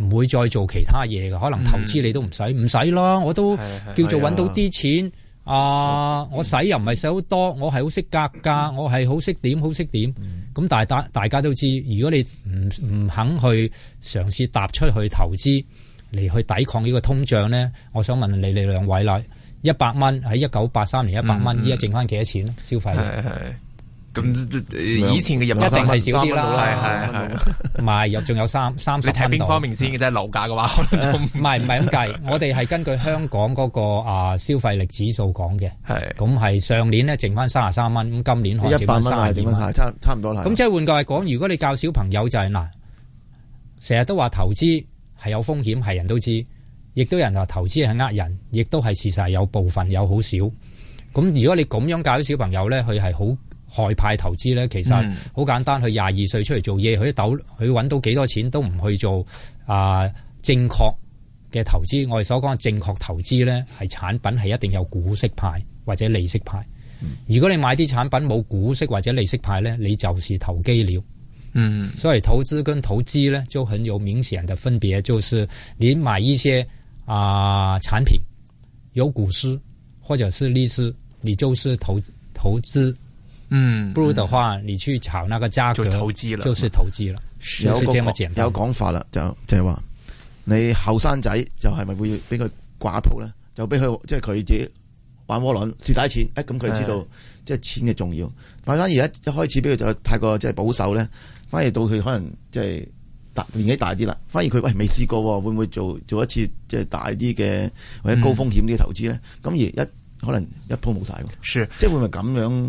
唔會再做其他嘢嘅，可能投資你都唔使，唔使咯。我都叫做揾到啲錢的啊，嗯、我使又唔係使好多，我係好識格價，我係好識點好識點。咁大、嗯、大家都知，如果你唔唔肯去嘗試踏出去投資嚟去抵抗呢個通脹咧，我想問你哋兩位啦，一百蚊喺一九八三年一百蚊，依家、嗯、剩翻幾多錢消費？咁以前嘅入，一定係少啲啦，係係係，唔係仲有三三十。你聽邊方面先嘅？即係樓價嘅話，可能唔係唔係咁計。我哋係根據香港嗰個啊消費力指數講嘅，係咁係上年咧剩翻三十三蚊，咁今年可能剩翻三十二蚊，差差唔多啦。咁即係換句話，嚟講如果你教小朋友就係、是、嗱，成日都話投資係有風險，係人都知，亦都有人話投資係呃人，亦都係事實係有部分有好少。咁如果你咁樣教啲小朋友咧，佢係好。害派投資咧，其實好簡單。佢廿二歲出嚟做嘢，佢啲佢揾到幾多錢都唔去做啊正確嘅投資。我哋所講嘅正確投資咧，係產品係一定有股息派或者利息派。如果你買啲產品冇股息或者利息派咧，你就是投機了。嗯，所以投資跟投資咧就很有明顯嘅分別，就是你買一些啊、呃、產品有股息或者是利息，你就是投投資，嗯，不如的話，嗯、你去炒那個家具投機了，就是這麼簡單。有講法啦，就就係話，你後生仔就係咪會俾佢掛鋪咧？就俾佢即係佢自己玩窩輪蝕下錢，咁、哎、佢知道即係錢嘅重要。是反而一一開始俾佢就太過即係保守咧，反而到佢可能即係大年紀大啲啦，反而佢喂未試過、哦，會唔會做做一次即係大啲嘅或者高風險啲嘅投資咧？咁、嗯、而一可能一鋪冇晒，是即係會唔會咁樣？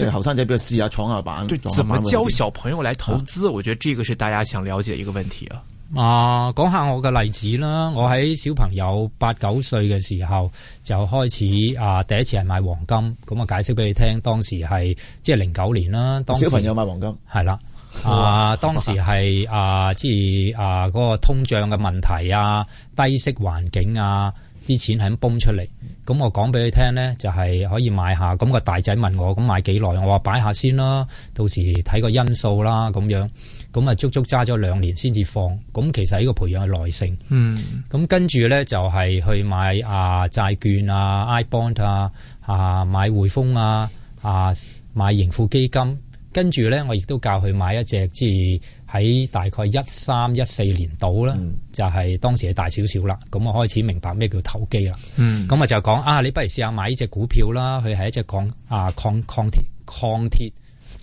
即係後生仔俾佢試下創下板，對。怎麼教小朋友嚟投資？嗯、我覺得呢個係大家想了解一個問題啊。啊、呃，講下我嘅例子啦。我喺小朋友八九歲嘅時候就開始啊、呃，第一次係買黃金，咁啊解釋俾你聽。當時係即係零九年啦，當時小朋友買黃金係啦。啊、呃，當時係啊，即係啊，嗰個通脹嘅問題啊，低息環境啊，啲錢係咁崩出嚟。咁我講俾佢聽咧，就係可以買下。咁個大仔問我，咁買幾耐？我話擺下先啦，到時睇個因素啦，咁樣。咁啊，足足揸咗兩年先至放。咁其實呢個培養耐性。嗯。咁跟住咧，就係去買啊債券啊，iBond 啊，啊買匯豐啊，啊買盈富基金。跟住咧，我亦都教佢買一隻即係。喺大概一三一四年度啦，嗯、就係當時係大少少啦，咁我開始明白咩叫投機啦。咁啊、嗯、就講啊，你不如試下買呢隻股票啦，佢係一隻鋼啊，抗抗鐵抗鐵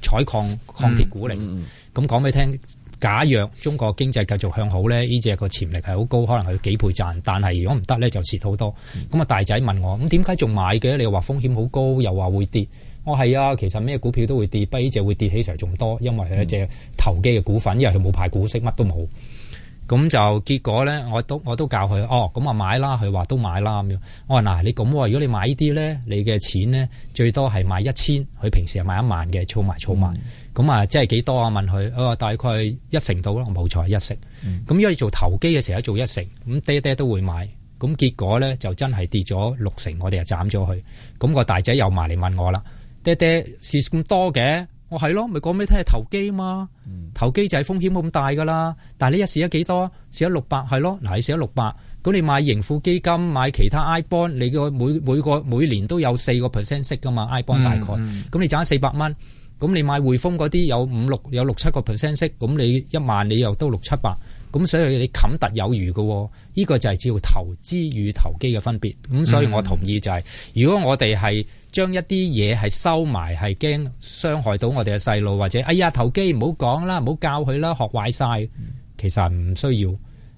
採礦、抗鐵股嚟。咁講俾你聽，假若中國經濟繼續向好咧，呢隻個潛力係好高，可能佢幾倍賺。但係如果唔得咧，就蝕好多。咁啊大仔問我，咁點解仲買嘅？你又話風險好高，又話會跌。我係、哦、啊，其實咩股票都會跌，不過呢隻會跌起上仲多，因為佢一隻投機嘅股份，因為佢冇派股息，乜都冇。咁就結果咧，我都我都教佢哦，咁啊買啦，佢話都買啦咁樣。我話嗱、啊，你咁，如果你買呢啲咧，你嘅錢咧最多係買一千，佢平時係買一萬嘅，儲埋儲埋。咁啊、嗯，即係幾多啊？問佢，我、哦、大概一成到咯，冇錯，一成。咁、嗯、因為做投機嘅時候做一成，咁爹爹都會買。咁結果咧就真係跌咗六成，我哋就斬咗佢。咁、那個大仔又埋嚟問我啦。跌跌蝕咁多嘅，我係咯，咪講俾你聽係投機嘛，投機就係風險冇咁大噶啦。但係你一蝕咗幾多？蝕咗六百，係咯，嗱，你蝕咗六百。咁你買盈富基金，買其他 I bond，你個每每個每年都有四個 percent 息噶嘛？I bond 大概，咁你賺咗四百蚊。咁你買匯豐嗰啲有五六有六七個 percent 息，咁你一萬你又都六七百。咁所以你冚突有餘嘅喎，呢、呢個就係主要投資與投機嘅分別。咁所以我同意就係、是，嗯、哼如果我哋係將一啲嘢係收埋，係驚傷害到我哋嘅細路，或者哎呀投機唔好講啦，唔好教佢啦，學壞晒，嗯、其實唔需要。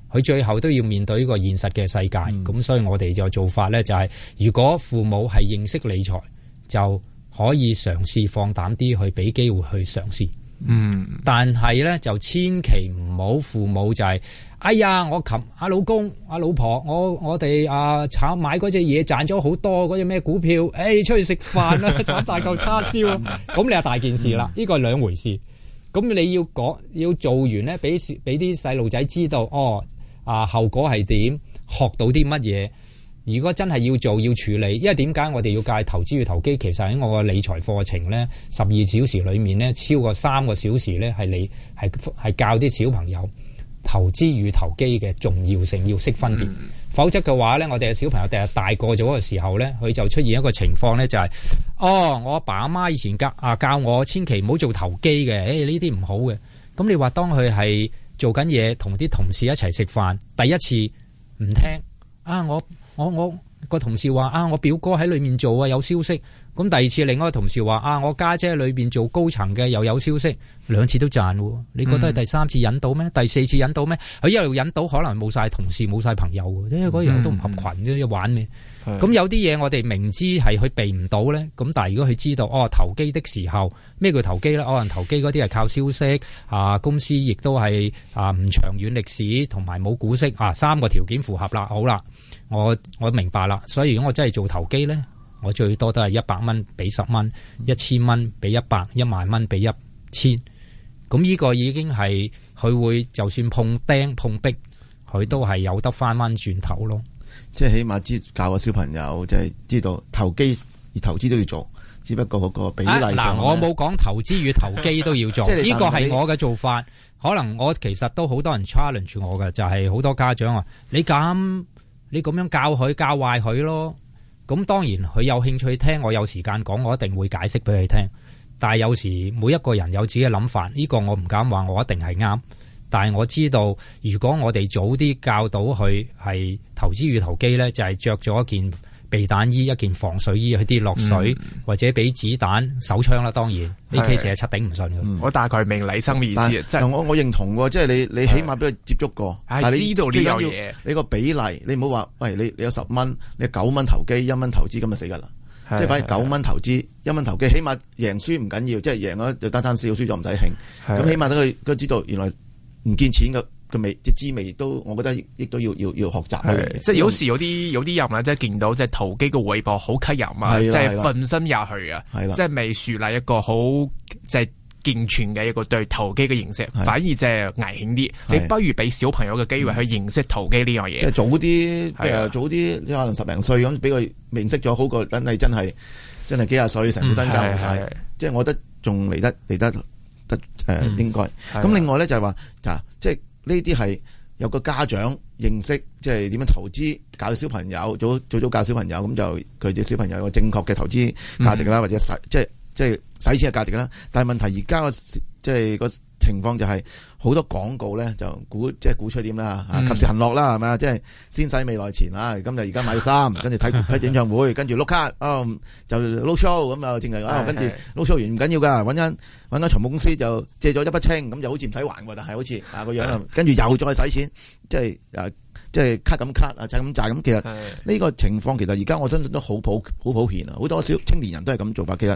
佢最後都要面對呢個現實嘅世界。咁、嗯、所以我哋就做法呢、就是，就係如果父母係認識理財，就可以嘗試放膽啲去俾機會去嘗試。嗯，但係咧就千祈唔好父母就係、是，哎呀，我琴阿、啊、老公阿、啊、老婆，我我哋啊炒買嗰隻嘢賺咗好多嗰隻咩股票，誒、哎、出去食飯啦，斬大嚿叉燒，咁你係大件事啦，呢個係兩回事，咁你要講要做完咧，俾俾啲細路仔知道，哦啊後果係點，學到啲乜嘢。如果真係要做要處理，因為點解我哋要介投資與投機？其實喺我個理財課程呢，十二小時裏面呢，超過三個小時呢，係你係係教啲小朋友投資與投機嘅重要性，要識分別。嗯、否則嘅話呢，我哋嘅小朋友第日大個咗嘅時候呢，佢就出現一個情況呢、就是，就係哦，我阿爸阿媽以前教啊教我，千祈唔好做投機嘅，誒呢啲唔好嘅。咁你話當佢係做緊嘢，同啲同事一齊食飯，第一次唔聽啊我。我我個同事話啊，我表哥喺裏面做啊，有消息。咁第二次，另外一個同事話：啊，我家姐裏面做高層嘅又有消息，兩次都賺喎。你覺得係第三次引到咩？嗯、第四次引到咩？佢一路引到，可能冇晒同事，冇晒朋友，因為嗰樣都唔合群。啫、嗯嗯，一玩咩？咁有啲嘢我哋明知係佢避唔到咧，咁但係如果佢知道哦，投機的時候咩叫投機咧？可能投機嗰啲係靠消息啊，公司亦都係啊，唔長遠歷史同埋冇股息啊，三個條件符合啦，好啦，我我明白啦。所以如果我真係做投機咧？我最多都係一百蚊俾十蚊，一千蚊俾一百，一萬蚊俾一千，咁呢個已經係佢會就算碰釘碰壁，佢都係有得翻翻轉頭咯。即係起碼知教個小朋友就係、是、知道投機而投資都要做，只不過個個比例。嗱、啊，我冇講投資與投機都要做，呢 [LAUGHS] 你個係我嘅做法。可能我其實都好多人 challenge 我嘅就係、是、好多家長話，你咁你咁樣教佢教壞佢咯。咁當然佢有興趣聽，我有時間講，我一定會解釋俾佢聽。但係有時每一個人有自己嘅諗法，呢個我唔敢話我一定係啱。但係我知道，如果我哋早啲教到佢係投資與投機呢就係着咗一件。避彈衣一件防水衣，佢跌落水、嗯、或者俾子彈手槍啦。當然呢期成日七頂唔順，嗯、我大概明李生嘅意思，即係但的我我認同嘅，即係你你起碼俾佢接觸過，哎、但你知道你呢刻嘢你個比例，你唔好話，喂，你你有十蚊，你九蚊投機，一蚊投資咁就死噶啦，即係的反而九蚊投資一蚊投機，起碼贏輸唔緊要，即係贏咗就單單笑，輸咗唔使興，咁的起碼等佢佢知道原來唔見錢嘅。嘅味即滋味都，我覺得亦都要要要學習嘅。即係有時有啲有啲人咧，即係見到即係投機嘅微博好吸引啊，即係奮身入去啊，即係未樹立一個好即係健全嘅一個對投機嘅認識，反而即係危險啲。你不如俾小朋友嘅機會去認識投機呢樣嘢，即係早啲，譬如早啲，你可能十零歲咁俾佢認識咗，好過真係真係真係幾廿歲成副身家交晒。即係我覺得仲嚟得嚟得得誒，應該。咁另外咧就係話啊，即係。呢啲係有個家長認識，即係點樣投資教小朋友，早早早教小朋友，咁就佢哋小朋友有個正確嘅投資價值啦，嗯、或者使即係即係使錢嘅價值啦。但係問題而家即係個，就是情況就係、是、好多廣告咧，就估即係估出點啦，啊，及時行樂啦，係咪啊？即係先使未來錢啦，咁就而家買衫，跟住睇睇演唱會，跟住碌卡，啊，就撈 show 咁啊，淨係啊，跟住撈 show 完唔緊要㗎，揾緊揾緊財務公司就借咗一筆清，咁就好似唔使還喎，但係好似啊個樣，跟住又再使錢，即係啊。即係卡咁卡啊，債咁債咁。其實呢個情況，其實而家我相信都好普好普遍啊。好多少青年人都係咁做法。其實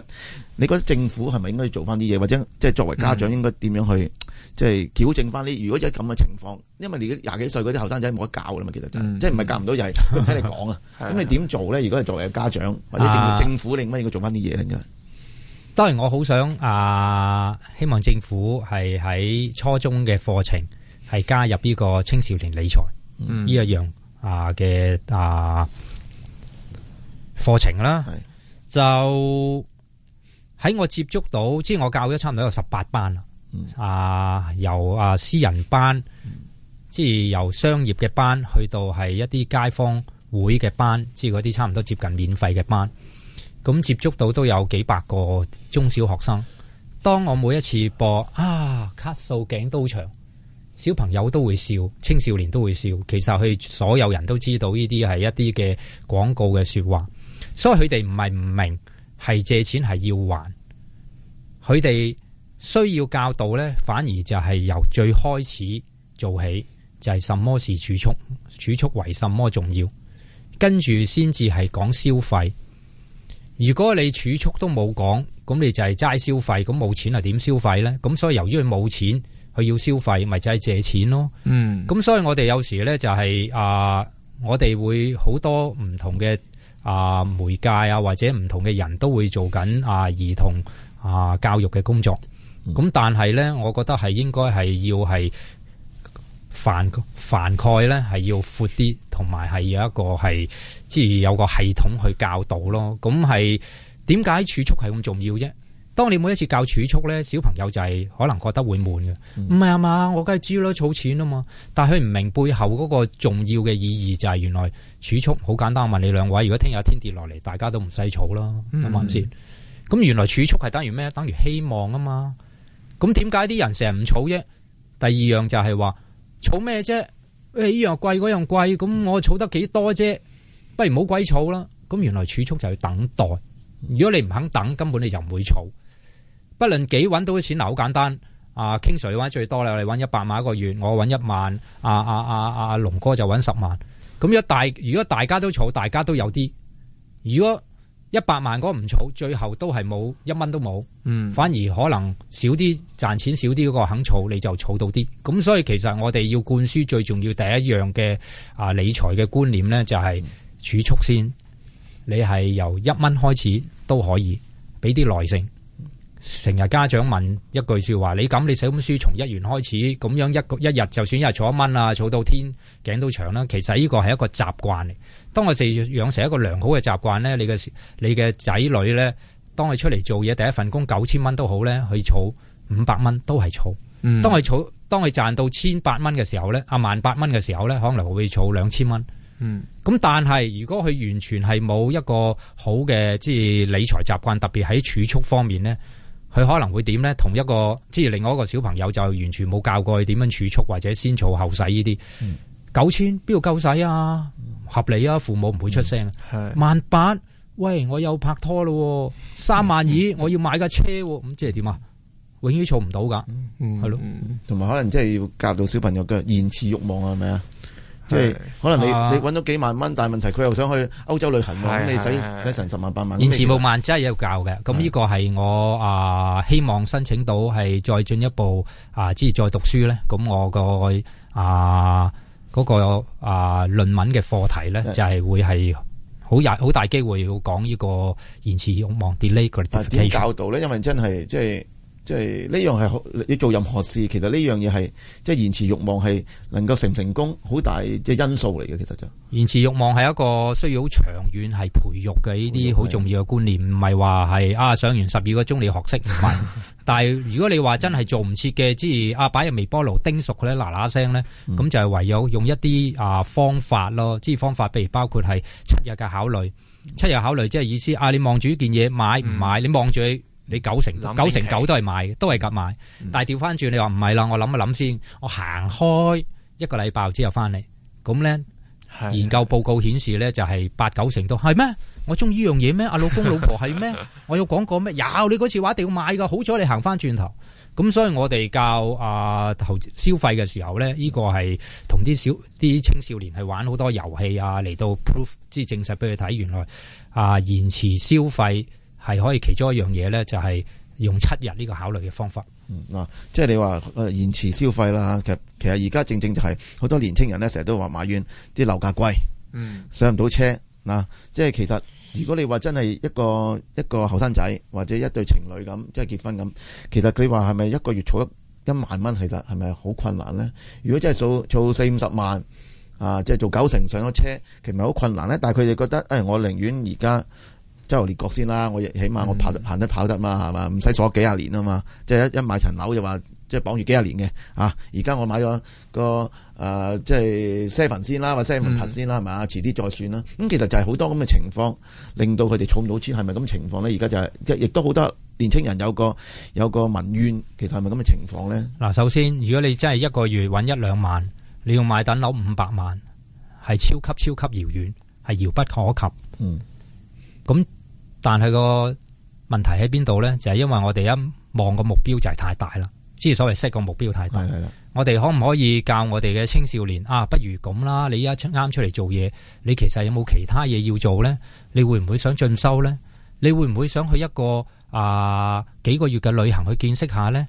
你覺得政府係咪應該做翻啲嘢，或者即係作為家長應該點樣去是的、嗯、即係矯正翻啲？如果即係咁嘅情況，因為你廿幾歲嗰啲後生仔冇得搞噶嘛，其實、真係嗯、即係唔係教唔到，又係聽你講啊。咁 [LAUGHS] 是的 你點做咧？如果係作為家長或者政府，政府、啊、你應該應該做翻啲嘢咧？當然我，我好想啊，希望政府係喺初中嘅課程係加入呢個青少年理財。呢一、嗯、樣啊嘅啊課程啦，是就喺我接觸到，即係我教咗差唔多有十八班啦，嗯、啊由啊私人班，嗯、即係由商業嘅班去到係一啲街坊會嘅班，即係嗰啲差唔多接近免費嘅班，咁接觸到都有幾百個中小學生。當我每一次播啊，卡數頸都長。小朋友都會笑，青少年都會笑，其實佢所有人都知道呢啲係一啲嘅廣告嘅説話，所以佢哋唔係唔明，係借錢係要還。佢哋需要教導呢，反而就係由最開始做起，就係什麼是儲蓄，儲蓄為什麼重要，跟住先至係講消費。如果你儲蓄都冇講，咁你就係齋消費，咁冇錢係點消費呢？咁所以由於佢冇錢。佢要消費，咪就係、是、借錢咯。嗯，咁所以我哋有時咧就係、是、啊、呃，我哋會好多唔同嘅啊、呃、媒介啊，或者唔同嘅人都會做緊啊、呃、兒童啊、呃、教育嘅工作。咁、嗯、但係咧，我覺得係應該係要係範範圍咧係要闊啲，同埋係有一個係即係有個系統去教導咯。咁係點解儲蓄係咁重要啫？當你每一次教儲蓄咧，小朋友就係可能覺得會悶嘅，唔係啊嘛，我梗係知啦，儲錢啊嘛，但係佢唔明背後嗰個重要嘅意義就係原來儲蓄好簡單。問你兩位，如果聽日天跌落嚟，大家都唔使儲啦，係咪先？咁、嗯、原來儲蓄係等於咩？等於希望啊嘛。咁點解啲人成日唔儲啫？第二樣就係話儲咩啫？哎，呢樣貴，嗰樣貴，咁我儲得幾多啫？不如唔好鬼儲啦。咁原來儲蓄就要等待。如果你唔肯等，根本你就唔會儲。不論幾搵到啲錢，嗱好簡單。啊 k 水 n 最多啦，你揾一百萬一個月，我搵一萬。阿啊啊阿龍、啊啊、哥就搵十萬。咁大如果大家都儲，大家都有啲。如果一百萬嗰唔儲，最後都係冇一蚊都冇。嗯，反而可能少啲賺錢，少啲嗰個肯儲，你就儲到啲。咁所以其實我哋要灌輸最重要第一樣嘅啊理財嘅觀念咧，就係儲蓄先。你係由一蚊開始都可以，俾啲耐性。成日家長問一句說話，你咁你寫本書從一元開始，咁樣一一日，就算一日儲一蚊啊，儲到天頸都長啦。其實呢個係一個習慣嚟，當我哋養成一個良好嘅習慣咧，你嘅你嘅仔女咧，當佢出嚟做嘢第一份工九千蚊都好咧，去儲五百蚊都係儲。嗯，當佢儲，當佢賺到千八蚊嘅時候咧，啊萬八蚊嘅時候咧，可能會儲兩千蚊。嗯，咁但係如果佢完全係冇一個好嘅即係理財習慣，特別喺儲蓄方面咧。佢可能會點咧？同一個即係另外一個小朋友就完全冇教過佢點樣儲蓄或者先儲後使呢啲，九千邊度夠使啊？合理啊？父母唔會出聲。係萬八，喂，我又拍拖咯，三萬二我要買架車，咁即係點啊？永遠儲唔到噶，係咯。同埋可能即係要教到小朋友嘅延遲慾望啊？係咪啊？即係可能你、啊、你揾到幾萬蚊，但係問題佢又想去歐洲旅行咁、啊、你使使、啊、成十萬八萬。延遲冇萬真係有教嘅，咁呢、啊、個係我啊、呃、希望申請到係再進一步啊，即、呃、係再讀書咧。咁我、呃那個、呃、論啊嗰個啊論文嘅課題咧，就係會係好大好大機會要講呢個延遲慾望 delayed gratification 咧，因為真係即係。即係呢樣係你做任何事，其實呢樣嘢係即係延遲欲望係能夠成唔成功好大即係因素嚟嘅，其實就延遲欲望係一個需要好長遠係培育嘅呢啲好重要嘅觀念，唔係話係啊上完十二個鐘你學識唔係， [LAUGHS] 但係如果你話真係做唔切嘅，即係啊擺入微波爐叮熟佢咧嗱嗱聲咧，咁、嗯、就係唯有用一啲啊方法咯，即係方法，譬如包括係七日嘅考慮，七日考慮即係意思啊，你望住呢件嘢買唔買？嗯、你望住。你九成九成九都係買，都係夾買。但係調翻轉，你話唔係啦，我諗一諗先，我行開一個禮拜之後翻嚟，咁咧是的 研究報告顯示咧就係八九成都係咩？我中意呢樣嘢，咩？阿老公老婆係咩？ [LAUGHS] 我有講過咩？有你嗰次話一定要買噶。好彩你行翻轉頭，咁所以我哋教啊投資消費嘅時候咧，呢個係同啲小啲青少年係玩好多遊戲啊，嚟到 proof 即係證實俾佢睇，原來啊延遲消費。係可以其中一樣嘢咧，就係用七日呢個考慮嘅方法。嗯啊，即係你話誒延遲消費啦嚇，其實其實而家正正就係好多年青人咧，成日都話埋怨啲樓價貴，嗯上唔到車嗱。即係其實如果你話真係一個一個後生仔或者一對情侶咁，即係結婚咁，其實你話係咪一個月儲一萬蚊，其實係咪好困難咧？如果真係儲四五十萬啊，即係做九成上咗車，其實咪好困難咧？但係佢哋覺得誒、哎，我寧願而家。周遊列國先啦，我亦起碼我跑、嗯、行得跑得嘛，係嘛？唔使鎖幾廿年啊嘛，即係一買一層樓就話即係綁住幾廿年嘅啊！而家我買咗個誒、呃，即係 seven 先啦，或 seven plus 先啦，係嘛、嗯？遲啲再算啦。咁、嗯、其實就係好多咁嘅情況，令到佢哋儲唔到錢，係咪咁情況咧？而家就係亦都好多年青人有個有個民怨，其實係咪咁嘅情況咧？嗱，首先如果你真係一個月揾一兩萬，你要買等樓五百萬，係超級超級遙遠，係遙不可及。嗯，咁。但係個問題喺邊度呢？就係、是、因為我哋一望個目標就係太大啦，即係所謂 set 個目標太大。的我哋可唔可以教我哋嘅青少年啊？不如咁啦，你依家啱出嚟做嘢，你其實有冇其他嘢要做呢？你會唔會想進修呢？你會唔會想去一個啊幾個月嘅旅行去見識下呢？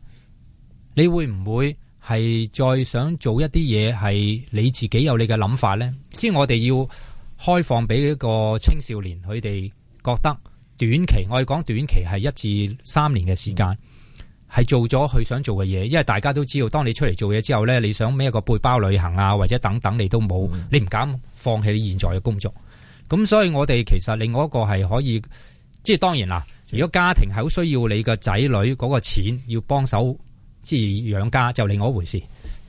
你會唔會係再想做一啲嘢係你自己有你嘅諗法呢？即係我哋要開放俾一個青少年，佢哋覺得。短期我哋講短期係一至三年嘅時間，係、嗯、做咗佢想做嘅嘢，因為大家都知道，當你出嚟做嘢之後呢，你想孭個背包旅行啊，或者等等，你都冇，你唔敢放棄你現在嘅工作，咁所以我哋其實另外一個係可以，即係當然啦，如果家庭係好需要你個仔女嗰個錢，要幫手即係養家，就另外一回事。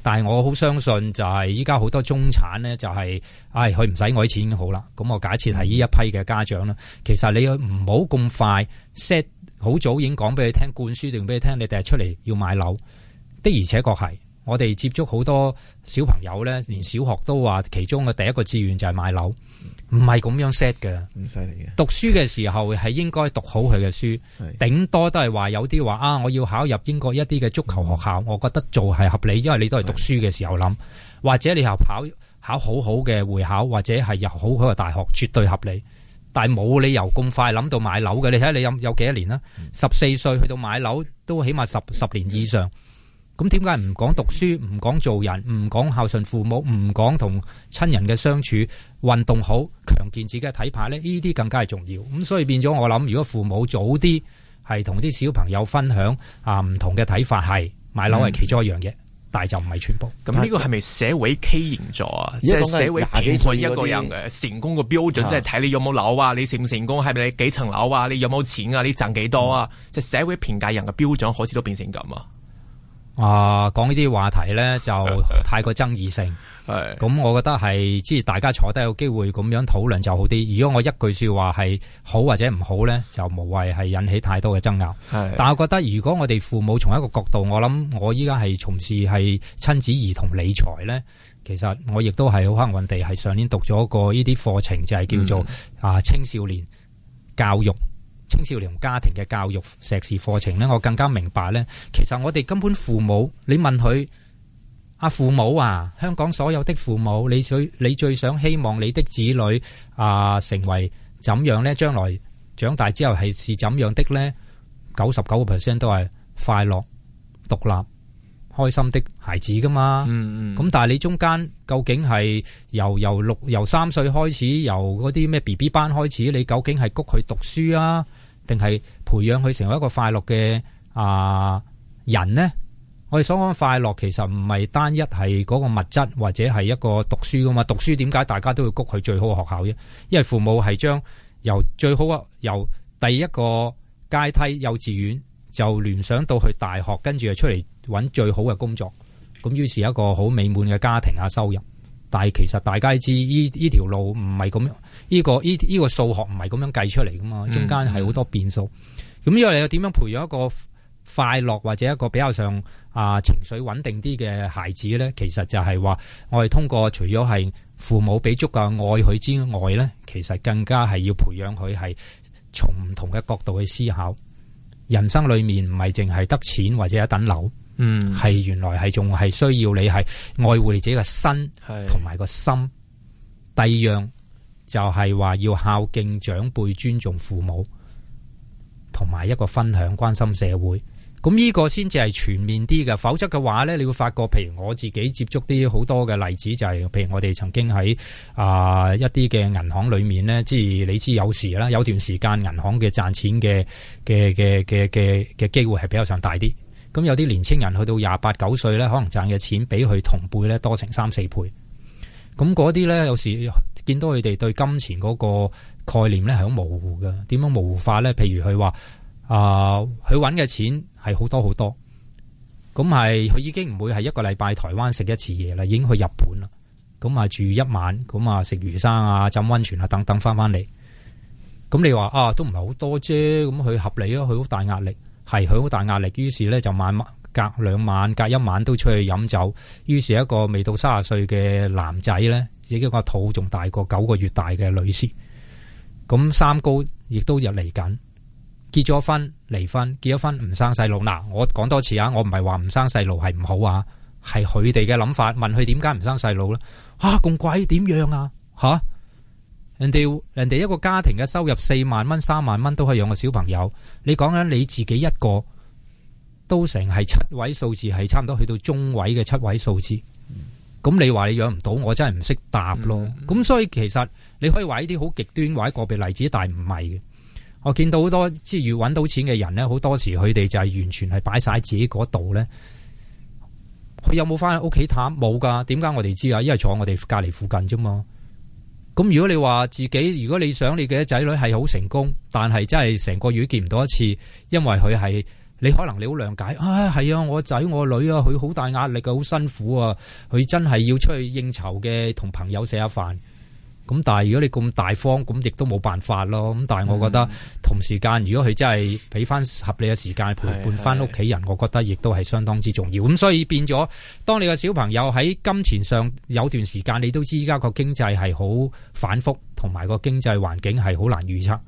但係我好相信就係依家好多中產呢，就是，哎、就係唉，佢唔使我啲錢好啦。咁我假設係呢一批嘅家長啦，其實你唔好咁快 set 好早已經講俾你聽，灌輸定俾你聽，你第日出嚟要買樓，的而且確係我哋接觸好多小朋友呢，連小學都話其中嘅第一個志願就係買樓。唔係咁樣 set 嘅，讀書嘅時候係應該讀好佢嘅書，頂多都係話有啲話啊，我要考入英國一啲嘅足球學校，我覺得做係合理，因為你都係讀書嘅時候諗，或者你又考考，好，回考好好嘅會考，或者係入好好嘅大學，絕對合理。但係冇理由咁快諗到買樓嘅，你睇下你有有幾多年啦？十四歲去到買樓都起碼十十年以上。咁點解唔講讀書，唔講做人，唔講孝順父母，唔講同親人嘅相處，運動好強健自己嘅體魄咧？呢啲更加係重要。咁所以變咗，我諗如果父母早啲係同啲小朋友分享啊唔同嘅睇法，係買樓係其中一樣嘢，嗯、但係就唔係全部。咁呢、嗯、個係咪社會畸形咗啊？即係社會一個人嘅成功嘅標準，即係睇你有冇樓啊，你成唔成功係咪你幾層樓啊，你有冇錢啊，你賺幾多啊？即係、嗯、社會評價人嘅標準，好似都變成咁啊！啊，講呢啲話題呢，就太過爭議性，咁，我覺得係即係大家坐低有機會咁樣討論就好啲。如果我一句說話係好或者唔好呢，就無謂係引起太多嘅爭拗。是是是，但我覺得如果我哋父母從一個角度，我諗我依家係從事係親子兒童理財呢，其實我亦都係好幸運地係上年讀咗個呢啲課程，就係、是、叫做啊青少年教育。嗯啊青少年家庭嘅教育碩士課程咧，我更加明白咧。其實我哋根本父母，你問佢阿父母啊，香港所有的父母，你最你最想希望你的子女啊成為怎樣咧？將來長大之後係是怎樣的咧？九十九個 percent 都係快樂、獨立、開心的孩子噶嘛。嗯嗯。咁但係你中間究竟係由由六由三歲開始，由嗰啲咩 B B 班開始，你究竟係谷佢讀書啊？定係培養佢，成為一個快樂嘅，啊人咧。我哋所講快樂其實唔係單一係嗰個物質或者係一個讀書噶嘛。讀書點解大家都會谷佢最好嘅學校啫？因為父母係將由最好啊，由第一個階梯幼稚園就聯想到去大學，跟住就出嚟搵最好嘅工作，咁於是一個好美滿嘅家庭啊，收入。但係其實大家知呢，呢條路唔係咁樣，呢個呢依、呢個數學唔係咁樣計出嚟，噶嘛，中間係好多變數。咁因為你又點樣培養一個快樂或者一個比較上啊、呃、情緒穩定啲嘅孩子咧，其實就係話我哋通過除咗係父母俾足夠愛佢之外咧，其實更加係要培養佢係從唔同嘅角度去思考人生裏面唔係淨係得錢或者一等樓。嗯，係原來係仲係需要你係愛護你自己嘅身同埋個心。是第二樣就係話要孝敬長輩、尊重父母，同埋一個分享、關心社會。咁呢個先至係全面啲嘅，否則嘅話咧，你會發覺，譬如我自己接觸啲好多嘅例子，就係、是、譬如我哋曾經喺啊、呃、一啲嘅銀行裏面咧，即係你知有時啦，有段時間銀行嘅賺錢嘅嘅嘅嘅嘅嘅機會係比較上大啲。咁有啲年青人去到廿八九歲咧，可能賺嘅錢比佢同輩咧多成三四倍。咁嗰啲咧，有時見到佢哋對金錢嗰個概念咧係好模糊嘅。點樣模糊化咧？譬如佢話啊，佢搵嘅錢係好多好多。咁係佢已經唔會係一個禮拜台灣食一次嘢啦，已經去日本啦。咁啊住一晚，咁啊食魚生啊、浸溫泉啊等等，翻翻嚟。咁你話啊，都唔係好多啫。咁佢合理啊？佢好大壓力。係佢好大壓力，於是咧就晚隔兩晚隔兩晚隔一晚都出去飲酒。於是一個未到卅歲嘅男仔咧，自己個肚仲大過九個月大嘅女士，咁三高亦都入嚟緊。結咗婚離婚，結咗婚唔生細路嗱。我講多次啊，我唔係話唔生細路係唔好啊，係佢哋嘅諗法。問佢點解唔生細路呢？啊，咁鬼點樣啊？吓、啊？人哋人哋一個家庭嘅收入四萬蚊、三萬蚊都可以養個小朋友，你講緊你自己一個都成係七位數字，係差唔多去到中位嘅七位數字。咁、嗯、你話你養唔到，我真係唔識答咯。咁、嗯、所以其實你可以話一啲好極端，或者個別例子，但係唔係嘅。我見到好多即係搵到錢嘅人咧，好多時佢哋就係完全係擺晒喺自己嗰度咧。佢有冇翻屋企探？冇噶。點解我哋知啊？因為坐我哋隔籬附近啫嘛。咁如果你話自己，如果你想你嘅仔女係好成功，但係真係成個月見唔到一次，因為佢係你可能你好諒解啊，係、哎、啊，我仔我女啊，佢好大壓力嘅，好辛苦啊，佢真係要出去應酬嘅，同朋友食下飯。咁但係如果你咁大方，咁亦都冇辦法咯。咁但係我覺得同時間，嗯、如果佢真係俾翻合理嘅時間陪伴翻屋企人，嗯、我覺得亦都係相當之重要。咁所以變咗，當你個小朋友喺金錢上有段時間，你都知依家個經濟係好反復，同埋個經濟環境係好難預測。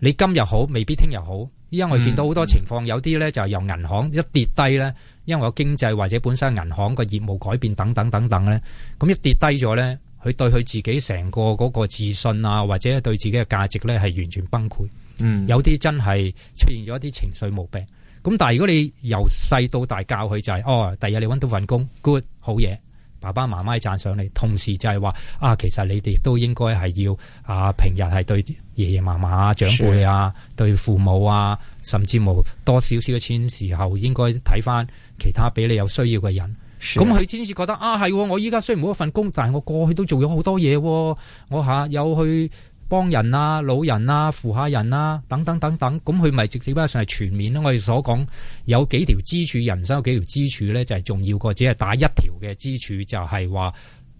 你今日好，未必聽日好，因為見到好多情況，嗯、有啲呢就由銀行一跌低呢，因為個經濟或者本身銀行個業務改變等等等等呢，咁一跌低咗呢。佢對佢自己成個嗰個自信啊，或者對自己嘅價值呢係完全崩潰。嗯、有啲真係出現咗一啲情緒毛病。咁但係如果你由細到大教佢就係、是，哦，第日你揾到份工，good 好嘢，爸爸媽媽讚賞你。同時就係話，啊，其實你哋都應該係要啊，平日係對爺爺嫲嫲啊、長輩啊、的對父母啊，甚至冇多少少嘅錢時候，應該睇翻其他比你有需要嘅人。咁佢先至覺得的啊，係我依家雖然冇一份工，但係我過去都做咗好多嘢，我吓、啊、有去幫人啊、老人啊、扶下人啊，等等等等。咁佢咪直，基本上係全面咯。我哋所講有幾條支柱人生，有幾條支柱咧，人生有幾條就係重要過只係打一條嘅支柱，就係話。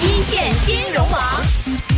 一線金融王。